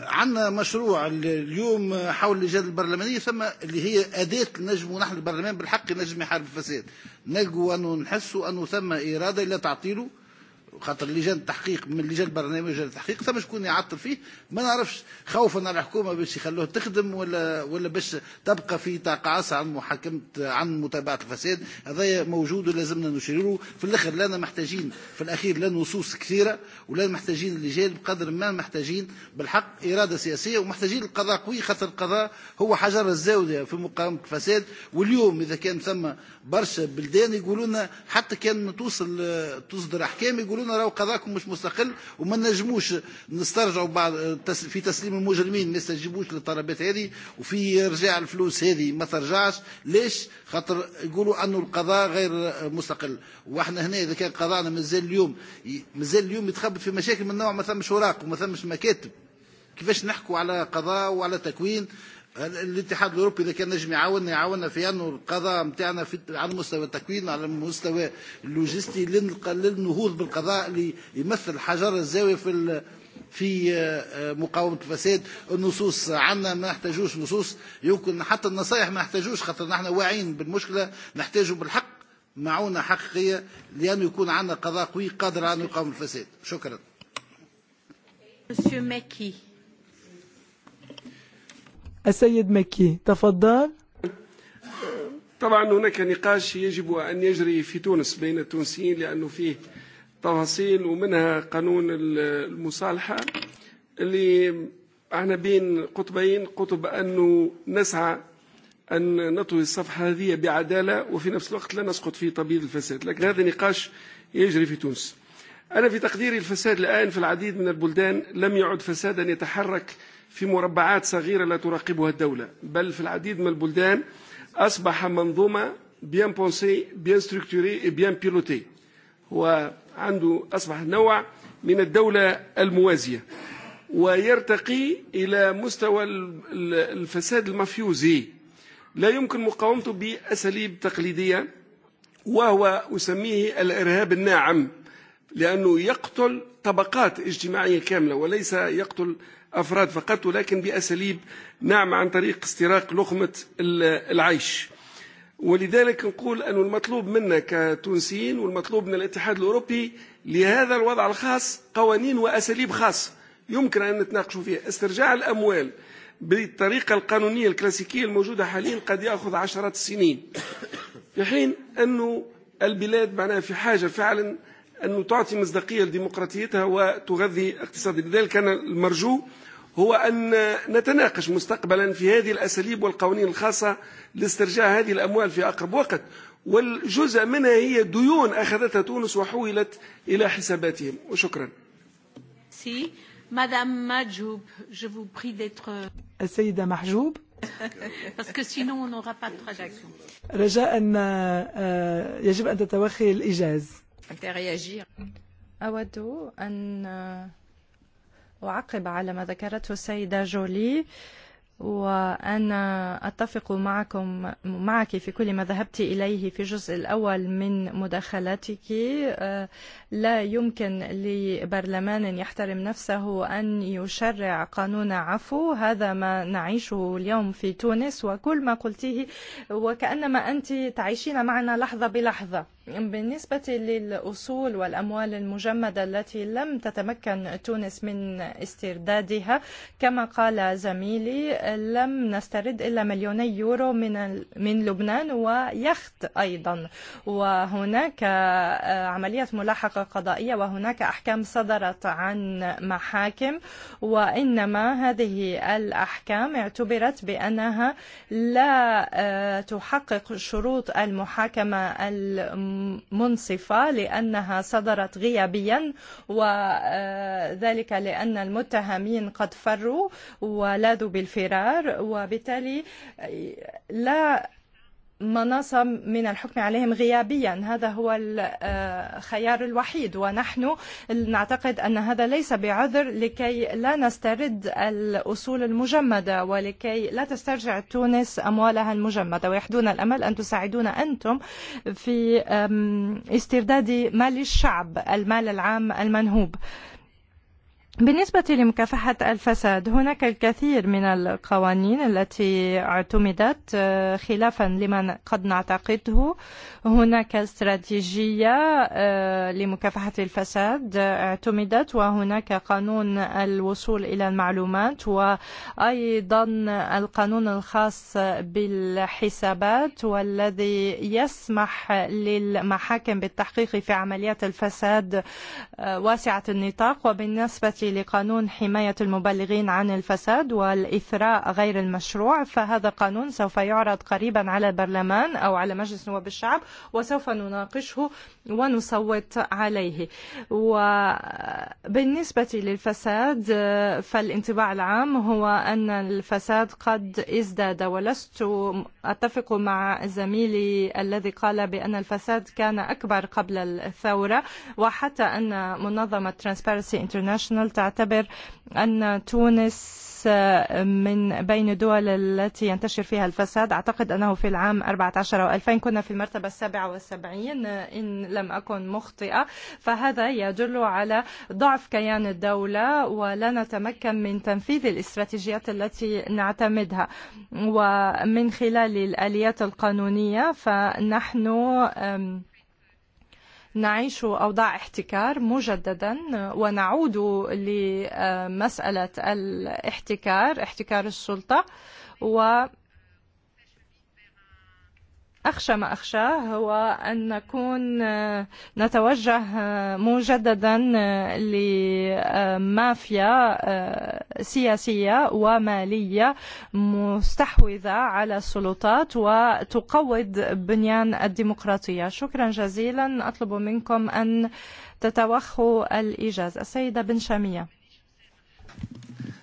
عندنا مشروع اليوم حول اللجان البرلمانيه ثم اللي هي اداه نجم ونحن البرلمان بالحق نجم يحارب الفساد نلقوا انه نحسوا انه ثم اراده لا تعطيله خاطر لجان التحقيق من لجان برنامج التحقيق ثم شكون يعطل فيه ما نعرفش خوفا على الحكومه باش يخلوه تخدم ولا ولا باش تبقى في تقاعسها عن محاكمه عن متابعه الفساد هذا موجود ولازمنا نشيروا في الاخر لنا محتاجين في الاخير لا نصوص كثيره ولا محتاجين لجان بقدر ما محتاجين بالحق اراده سياسيه ومحتاجين القضاء قوي خاطر القضاء هو حجر الزاويه في مقاومه الفساد واليوم اذا كان ثم برشا بلدان يقولون حتى كان توصل تصدر احكام يقول يقولون راهو قضاكم مش مستقل وما نجموش نسترجعوا بعد في تسليم المجرمين ما يستجيبوش للطلبات هذه وفي رجاع الفلوس هذه ما ترجعش ليش خاطر يقولوا انه القضاء غير مستقل واحنا هنا اذا كان قضاءنا مازال اليوم مازال اليوم يتخبط في مشاكل من نوع ما ثمش اوراق وما ثمش مكاتب كيفاش نحكوا على قضاء وعلى تكوين الاتحاد الاوروبي اذا كان نجم يعاوننا يعاوننا في انه القضاء نتاعنا على مستوى التكوين على المستوى اللوجستي للنهوض بالقضاء اللي يمثل حجر الزاويه في في مقاومة الفساد النصوص عنا ما نحتاجوش نصوص يمكن حتى النصايح ما نحتاجوش خاطر نحن واعيين بالمشكلة نحتاجوا بالحق معونة حقيقية لأنه يكون عندنا قضاء قوي قادر على يقاوم الفساد شكرا Monsieur Mackey. السيد مكي تفضل طبعا هناك نقاش يجب أن يجري في تونس بين التونسيين لأنه فيه تفاصيل ومنها قانون المصالحة اللي احنا بين قطبين قطب أنه نسعى أن نطوي الصفحة هذه بعدالة وفي نفس الوقت لا نسقط في طبيب الفساد لكن هذا نقاش يجري في تونس أنا في تقديري الفساد الآن في العديد من البلدان لم يعد فسادا يتحرك في مربعات صغيرة لا تراقبها الدولة بل في العديد من البلدان أصبح منظومة بيان بونسي بيان ستركتوري بيان بيلوتي هو عنده أصبح نوع من الدولة الموازية ويرتقي إلى مستوى الفساد المفيوزي لا يمكن مقاومته بأساليب تقليدية وهو أسميه الإرهاب الناعم لأنه يقتل طبقات اجتماعية كاملة وليس يقتل أفراد فقط ولكن بأساليب نعم عن طريق استراق لقمة العيش ولذلك نقول أن المطلوب منا كتونسيين والمطلوب من الاتحاد الأوروبي لهذا الوضع الخاص قوانين وأساليب خاصة يمكن أن نتناقش فيها استرجاع الأموال بالطريقة القانونية الكلاسيكية الموجودة حاليا قد يأخذ عشرات السنين في حين أن البلاد معناها في حاجة فعلا أن تعطي مصداقية لديمقراطيتها وتغذي اقتصادها لذلك كان المرجو هو أن نتناقش مستقبلا في هذه الأساليب والقوانين الخاصة لاسترجاع هذه الأموال في أقرب وقت والجزء منها هي ديون أخذتها تونس وحولت إلى حساباتهم وشكرا السيدة محجوب Parce que sinon on n'aura pas de traduction. رجاء أن يجب أن تتوخي الإجاز interagir. أود أن أعقب على ما ذكرته السيدة جولي وأنا أتفق معكم معك في كل ما ذهبت إليه في الجزء الأول من مداخلتك لا يمكن لبرلمان يحترم نفسه أن يشرع قانون عفو هذا ما نعيشه اليوم في تونس وكل ما قلتيه وكأنما أنت تعيشين معنا لحظة بلحظة بالنسبة للأصول والأموال المجمدة التي لم تتمكن تونس من استردادها كما قال زميلي لم نسترد إلا مليوني يورو من من لبنان ويخت أيضا وهناك عملية ملاحقة قضائية وهناك أحكام صدرت عن محاكم وإنما هذه الأحكام اعتبرت بأنها لا تحقق شروط المحاكمة الم منصفة لأنها صدرت غيابيا وذلك لأن المتهمين قد فروا ولاذوا بالفرار وبالتالي لا مناصة من الحكم عليهم غيابيا هذا هو الخيار الوحيد ونحن نعتقد أن هذا ليس بعذر لكي لا نسترد الأصول المجمدة ولكي لا تسترجع تونس أموالها المجمدة ويحدون الأمل أن تساعدون أنتم في استرداد مال الشعب المال العام المنهوب. بالنسبة لمكافحة الفساد هناك الكثير من القوانين التي اعتمدت خلافا لما قد نعتقده هناك استراتيجية لمكافحة الفساد اعتمدت وهناك قانون الوصول إلى المعلومات وأيضا القانون الخاص بالحسابات والذي يسمح للمحاكم بالتحقيق في عمليات الفساد واسعة النطاق وبالنسبة لقانون حماية المبلغين عن الفساد والإثراء غير المشروع فهذا القانون سوف يعرض قريبا على البرلمان أو على مجلس نواب الشعب وسوف نناقشه ونصوت عليه وبالنسبة للفساد فالانطباع العام هو أن الفساد قد ازداد ولست أتفق مع زميلي الذي قال بأن الفساد كان أكبر قبل الثورة وحتى أن منظمة Transparency International تعتبر أن تونس من بين الدول التي ينتشر فيها الفساد أعتقد أنه في العام 14 أو 2000 كنا في المرتبة 77 إن لم أكن مخطئة فهذا يدل على ضعف كيان الدولة ولا نتمكن من تنفيذ الاستراتيجيات التي نعتمدها ومن خلال الآليات القانونية فنحن نعيش أوضاع احتكار مجددا ونعود لمسألة الاحتكار احتكار السلطة و أخشى ما أخشى هو أن نكون نتوجه مجددا لمافيا سياسية ومالية مستحوذة على السلطات وتقوض بنيان الديمقراطية شكرا جزيلا أطلب منكم أن تتوخوا الإيجاز السيدة بن شامية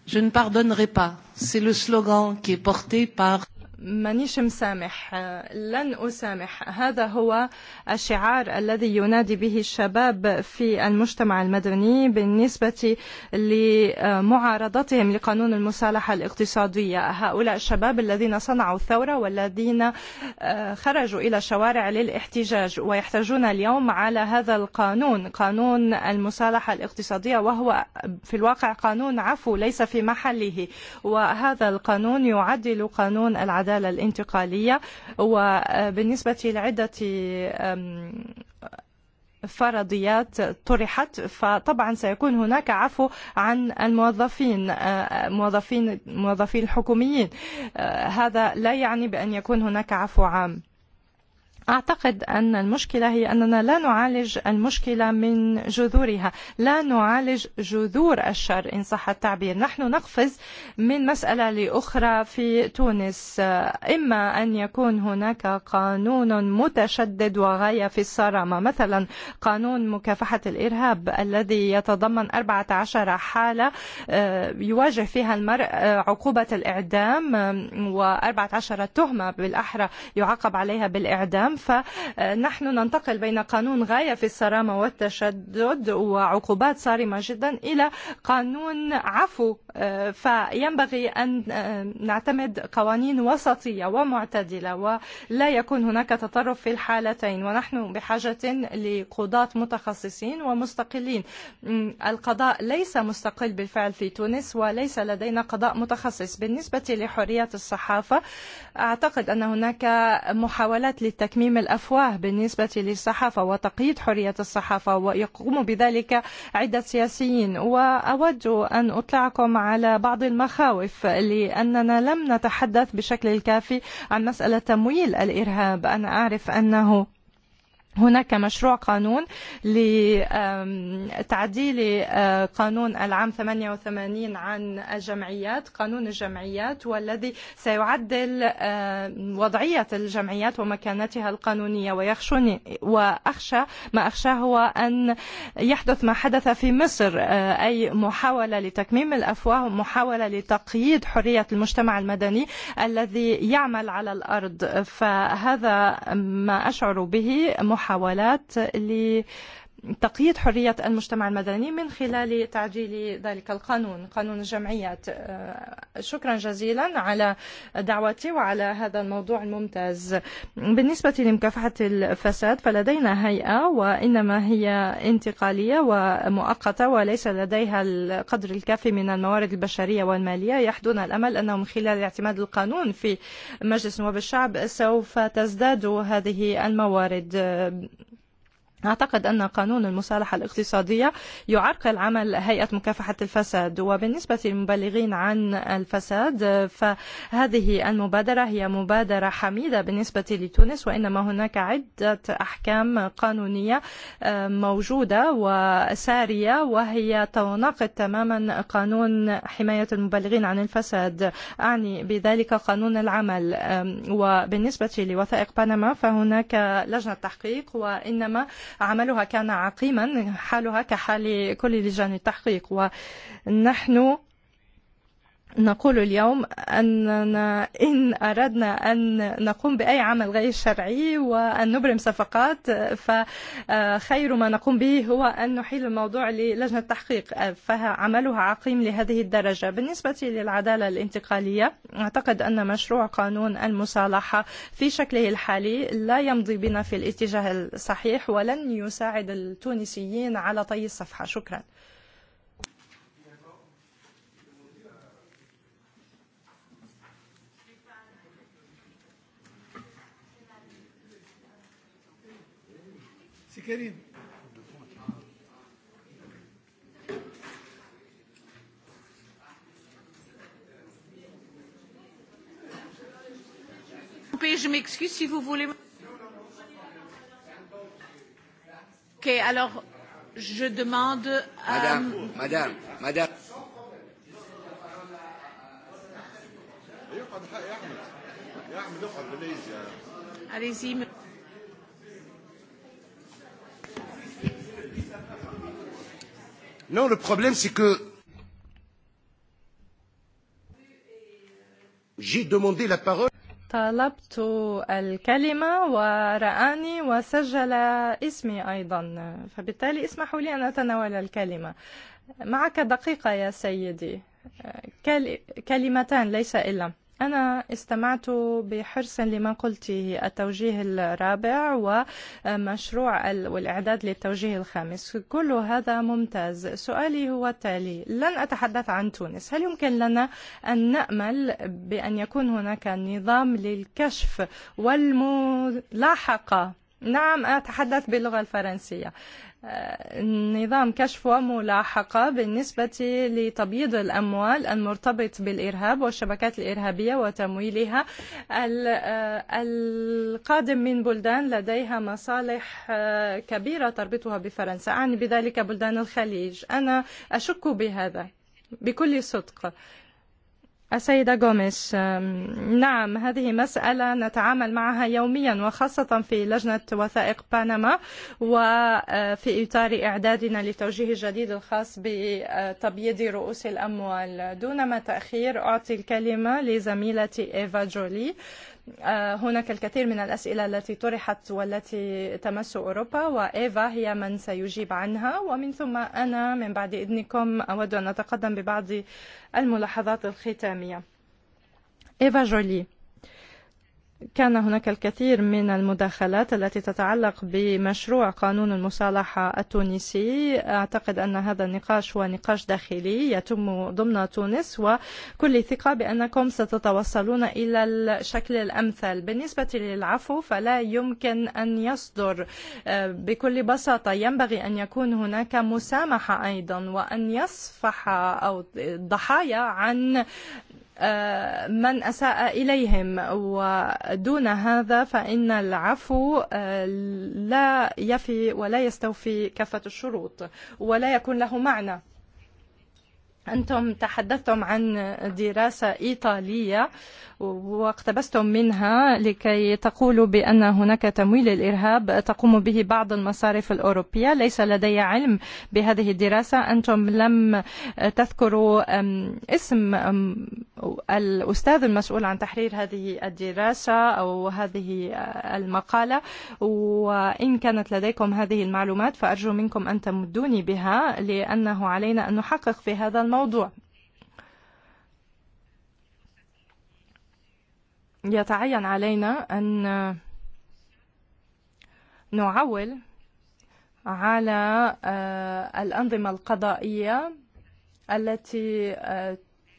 Je ne pardonnerai pas. C'est le slogan qui est porté par مانيش مسامح لن أسامح هذا هو الشعار الذي ينادي به الشباب في المجتمع المدني بالنسبة لمعارضتهم لقانون المصالحة الاقتصادية هؤلاء الشباب الذين صنعوا الثورة والذين خرجوا إلى الشوارع للاحتجاج ويحتاجون اليوم على هذا القانون قانون المصالحة الاقتصادية وهو في الواقع قانون عفو ليس في محله وهذا القانون يعدل قانون العدالة العدالة الانتقالية وبالنسبة لعدة فرضيات طرحت فطبعا سيكون هناك عفو عن الموظفين موظفين موظفين الحكوميين هذا لا يعني بأن يكون هناك عفو عام أعتقد أن المشكلة هي أننا لا نعالج المشكلة من جذورها لا نعالج جذور الشر إن صح التعبير نحن نقفز من مسألة لأخرى في تونس إما أن يكون هناك قانون متشدد وغاية في الصرامة مثلا قانون مكافحة الإرهاب الذي يتضمن 14 حالة يواجه فيها المرء عقوبة الإعدام و14 تهمة بالأحرى يعاقب عليها بالإعدام العام فنحن ننتقل بين قانون غاية في الصرامة والتشدد وعقوبات صارمة جدا إلى قانون عفو فينبغي أن نعتمد قوانين وسطية ومعتدلة ولا يكون هناك تطرف في الحالتين ونحن بحاجة لقضاة متخصصين ومستقلين القضاء ليس مستقل بالفعل في تونس وليس لدينا قضاء متخصص بالنسبة لحرية الصحافة أعتقد أن هناك محاولات للتكميل تحميم الأفواه بالنسبة للصحافة وتقييد حرية الصحافة ويقوم بذلك عدة سياسيين وأود أن أطلعكم على بعض المخاوف لأننا لم نتحدث بشكل الكافي عن مسألة تمويل الإرهاب أنا أعرف أنه هناك مشروع قانون لتعديل قانون العام 88 عن الجمعيات قانون الجمعيات والذي سيعدل وضعية الجمعيات ومكانتها القانونية ويخشوني وأخشى ما أخشى هو أن يحدث ما حدث في مصر أي محاولة لتكميم الأفواه محاولة لتقييد حرية المجتمع المدني الذي يعمل على الأرض فهذا ما أشعر به محاولة محاولات ل تقييد حرية المجتمع المدني من خلال تعديل ذلك القانون قانون الجمعيات شكرا جزيلا على دعوتي وعلى هذا الموضوع الممتاز بالنسبة لمكافحة الفساد فلدينا هيئة وإنما هي انتقالية ومؤقتة وليس لديها القدر الكافي من الموارد البشرية والمالية يحدون الأمل أنه من خلال اعتماد القانون في مجلس نواب الشعب سوف تزداد هذه الموارد أعتقد أن قانون المصالحة الاقتصادية يعرقل عمل هيئة مكافحة الفساد وبالنسبة للمبلغين عن الفساد فهذه المبادرة هي مبادرة حميدة بالنسبة لتونس وإنما هناك عدة أحكام قانونية موجودة وسارية وهي تناقض تماما قانون حماية المبلغين عن الفساد أعني بذلك قانون العمل وبالنسبة لوثائق بنما فهناك لجنة تحقيق وإنما عملها كان عقيما حالها كحال كل لجان التحقيق ونحن نقول اليوم أننا إن أردنا أن نقوم بأي عمل غير شرعي وأن نبرم صفقات فخير ما نقوم به هو أن نحيل الموضوع للجنة التحقيق فعملها عقيم لهذه الدرجة بالنسبة للعدالة الانتقالية أعتقد أن مشروع قانون المصالحة في شكله الحالي لا يمضي بنا في الاتجاه الصحيح ولن يساعد التونسيين على طي الصفحة شكرا كريم Je m'excuse si vous voulez. Ok, alors je demande à. Madame, euh, madame, madame. Allez-y. Monsieur. Non, le problème, c'est que j'ai demandé la parole. طلبت الكلمة ورآني وسجل اسمي أيضا فبالتالي اسمحوا لي أن أتناول الكلمة معك دقيقة يا سيدي كلمتان ليس إلا أنا استمعت بحرص لما قلته التوجيه الرابع ومشروع والإعداد للتوجيه الخامس كل هذا ممتاز سؤالي هو التالي لن أتحدث عن تونس هل يمكن لنا أن نأمل بأن يكون هناك نظام للكشف والملاحقة نعم أتحدث باللغة الفرنسية نظام كشف وملاحقة بالنسبة لتبييض الأموال المرتبط بالإرهاب والشبكات الإرهابية وتمويلها القادم من بلدان لديها مصالح كبيرة تربطها بفرنسا أعني بذلك بلدان الخليج أنا أشك بهذا بكل صدق السيدة غوميش نعم هذه مسألة نتعامل معها يوميا وخاصة في لجنة وثائق بنما وفي إطار إعدادنا لتوجيه الجديد الخاص بتبييض رؤوس الأموال دون ما تأخير أعطي الكلمة لزميلتي إيفا جولي هناك الكثير من الأسئلة التي طرحت والتي تمس أوروبا وإيفا هي من سيجيب عنها ومن ثم أنا من بعد إذنكم أود أن أتقدم ببعض الملاحظات الختامية إيفا جولي كان هناك الكثير من المداخلات التي تتعلق بمشروع قانون المصالحة التونسي أعتقد أن هذا النقاش هو نقاش داخلي يتم ضمن تونس وكل ثقة بأنكم ستتوصلون إلى الشكل الأمثل بالنسبة للعفو فلا يمكن أن يصدر بكل بساطة ينبغي أن يكون هناك مسامحة أيضا وأن يصفح أو الضحايا عن من أساء إليهم ودون هذا فإن العفو لا يفي ولا يستوفي كافة الشروط ولا يكون له معنى أنتم تحدثتم عن دراسة إيطالية واقتبستم منها لكي تقولوا بأن هناك تمويل الإرهاب تقوم به بعض المصارف الأوروبية ليس لدي علم بهذه الدراسة أنتم لم تذكروا اسم الأستاذ المسؤول عن تحرير هذه الدراسة أو هذه المقالة وإن كانت لديكم هذه المعلومات فأرجو منكم أن تمدوني بها لأنه علينا أن نحقق في هذا الموضوع يتعين علينا أن نعول على الأنظمة القضائية التي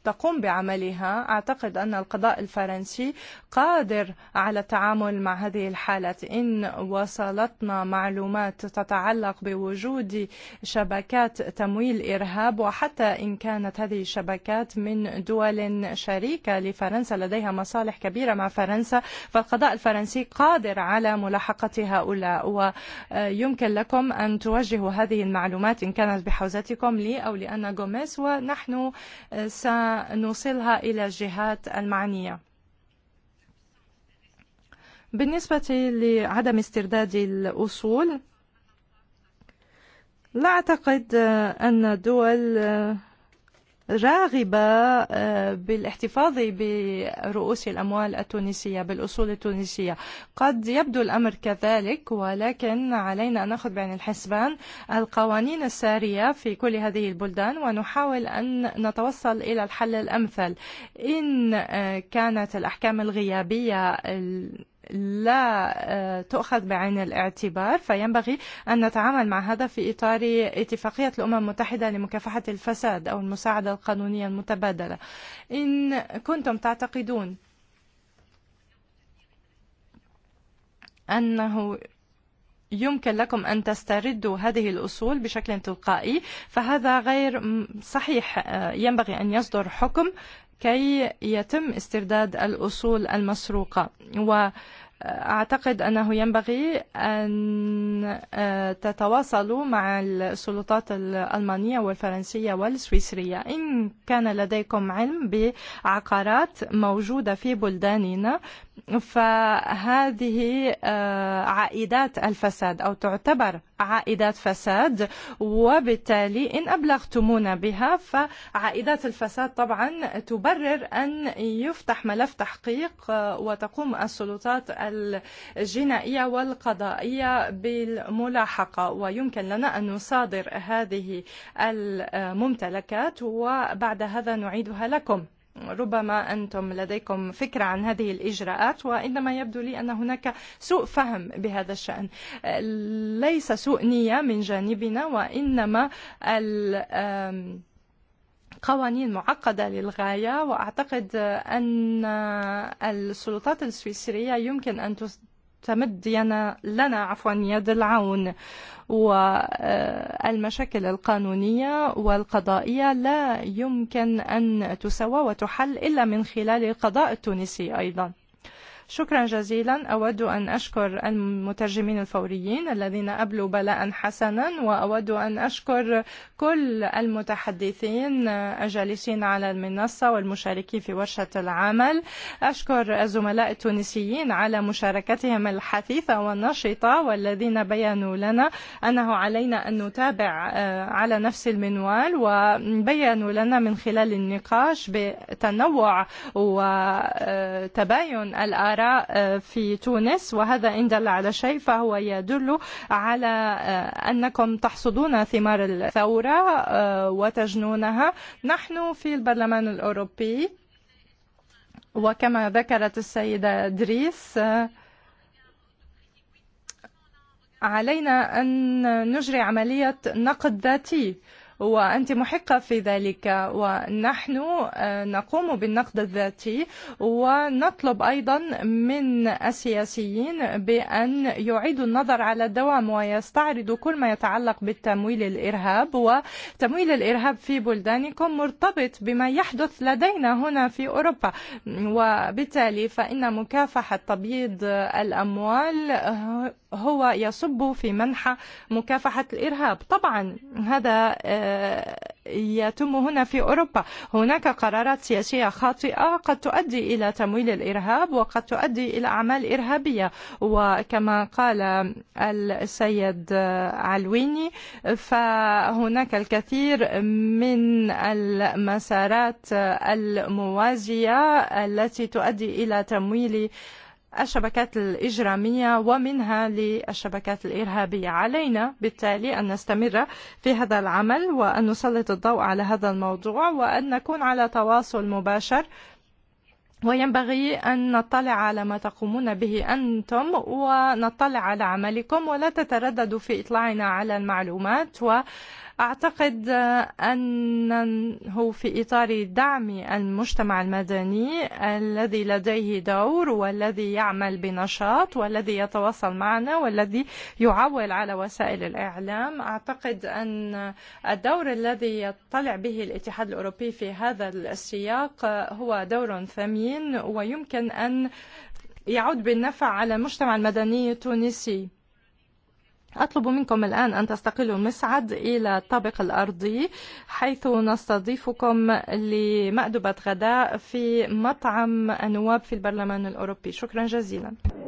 تقوم بعملها أعتقد أن القضاء الفرنسي قادر على التعامل مع هذه الحالات إن وصلتنا معلومات تتعلق بوجود شبكات تمويل إرهاب وحتى إن كانت هذه الشبكات من دول شريكة لفرنسا لديها مصالح كبيرة مع فرنسا فالقضاء الفرنسي قادر على ملاحقة هؤلاء ويمكن لكم أن توجهوا هذه المعلومات إن كانت بحوزتكم لي أو لأن جوميس ونحن سنحن نوصلها إلى الجهات المعنية بالنسبة لعدم استرداد الأصول لا أعتقد أن الدول راغبة بالاحتفاظ برؤوس الأموال التونسية بالأصول التونسية قد يبدو الأمر كذلك ولكن علينا أن نأخذ بعين الحسبان القوانين السارية في كل هذه البلدان ونحاول أن نتوصل إلى الحل الأمثل إن كانت الأحكام الغيابية لا تؤخذ بعين الاعتبار فينبغي أن نتعامل مع هذا في إطار اتفاقية الأمم المتحدة لمكافحة الفساد أو المساعدة القانونية المتبادلة إن كنتم تعتقدون أنه يمكن لكم أن تستردوا هذه الأصول بشكل تلقائي فهذا غير صحيح ينبغي أن يصدر حكم كي يتم استرداد الأصول المسروقة وأعتقد أنه ينبغي أن تتواصلوا مع السلطات الألمانية والفرنسية والسويسرية إن كان لديكم علم بعقارات موجودة في بلداننا فهذه عائدات الفساد أو تعتبر عائدات فساد وبالتالي إن أبلغتمونا بها فعائدات الفساد طبعا تبرر أن يفتح ملف تحقيق وتقوم السلطات الجنائية والقضائية بالملاحقة ويمكن لنا أن نصادر هذه الممتلكات وبعد هذا نعيدها لكم ربما أنتم لديكم فكرة عن هذه الإجراءات وإنما يبدو لي أن هناك سوء فهم بهذا الشأن ليس سوء نية من جانبنا وإنما قوانين معقدة للغاية وأعتقد أن السلطات السويسرية يمكن أن تمد لنا, لنا عفوا يد العون والمشاكل القانونية والقضائية لا يمكن أن تسوى وتحل إلا من خلال القضاء التونسي أيضا شكرا جزيلا أود أن أشكر المترجمين الفوريين الذين أبلوا بلاء حسنا وأود أن أشكر كل المتحدثين الجالسين على المنصة والمشاركين في ورشة العمل أشكر الزملاء التونسيين على مشاركتهم الحثيثة والنشطة والذين بيّنوا لنا أنه علينا أن نتابع على نفس المنوال وبيّنوا لنا من خلال النقاش بتنوع وتباين الآراء نرى في تونس وهذا إن دل على شيء فهو يدل على أنكم تحصدون ثمار الثورة وتجنونها نحن في البرلمان الأوروبي وكما ذكرت السيدة دريس علينا أن نجري عملية نقد ذاتي وأنت محقة في ذلك ونحن نقوم بالنقد الذاتي ونطلب أيضا من السياسيين بأن يعيدوا النظر على الدوام ويستعرضوا كل ما يتعلق بالتمويل الإرهاب وتمويل الإرهاب في بلدانكم مرتبط بما يحدث لدينا هنا في أوروبا وبالتالي فإن مكافحة تبييض الأموال هو يصب في منحى مكافحة الإرهاب طبعا هذا يتم هنا في أوروبا هناك قرارات سياسية خاطئة قد تؤدي إلى تمويل الإرهاب وقد تؤدي إلى أعمال إرهابية وكما قال السيد علويني فهناك الكثير من المسارات الموازية التي تؤدي إلى تمويل الشبكات الإجرامية ومنها للشبكات الإرهابية علينا بالتالي أن نستمر في هذا العمل وأن نسلط الضوء على هذا الموضوع وأن نكون على تواصل مباشر وينبغي أن نطلع على ما تقومون به أنتم ونطلع على عملكم ولا تترددوا في إطلاعنا على المعلومات و أعتقد أنه في إطار دعم المجتمع المدني الذي لديه دور والذي يعمل بنشاط والذي يتواصل معنا والذي يعول على وسائل الإعلام أعتقد أن الدور الذي يطلع به الاتحاد الأوروبي في هذا السياق هو دور ثمين ويمكن أن يعود بالنفع على المجتمع المدني التونسي أطلب منكم الآن أن تستقلوا المصعد إلى الطابق الأرضي حيث نستضيفكم لمأدبة غداء في مطعم النواب في البرلمان الأوروبي شكرا جزيلا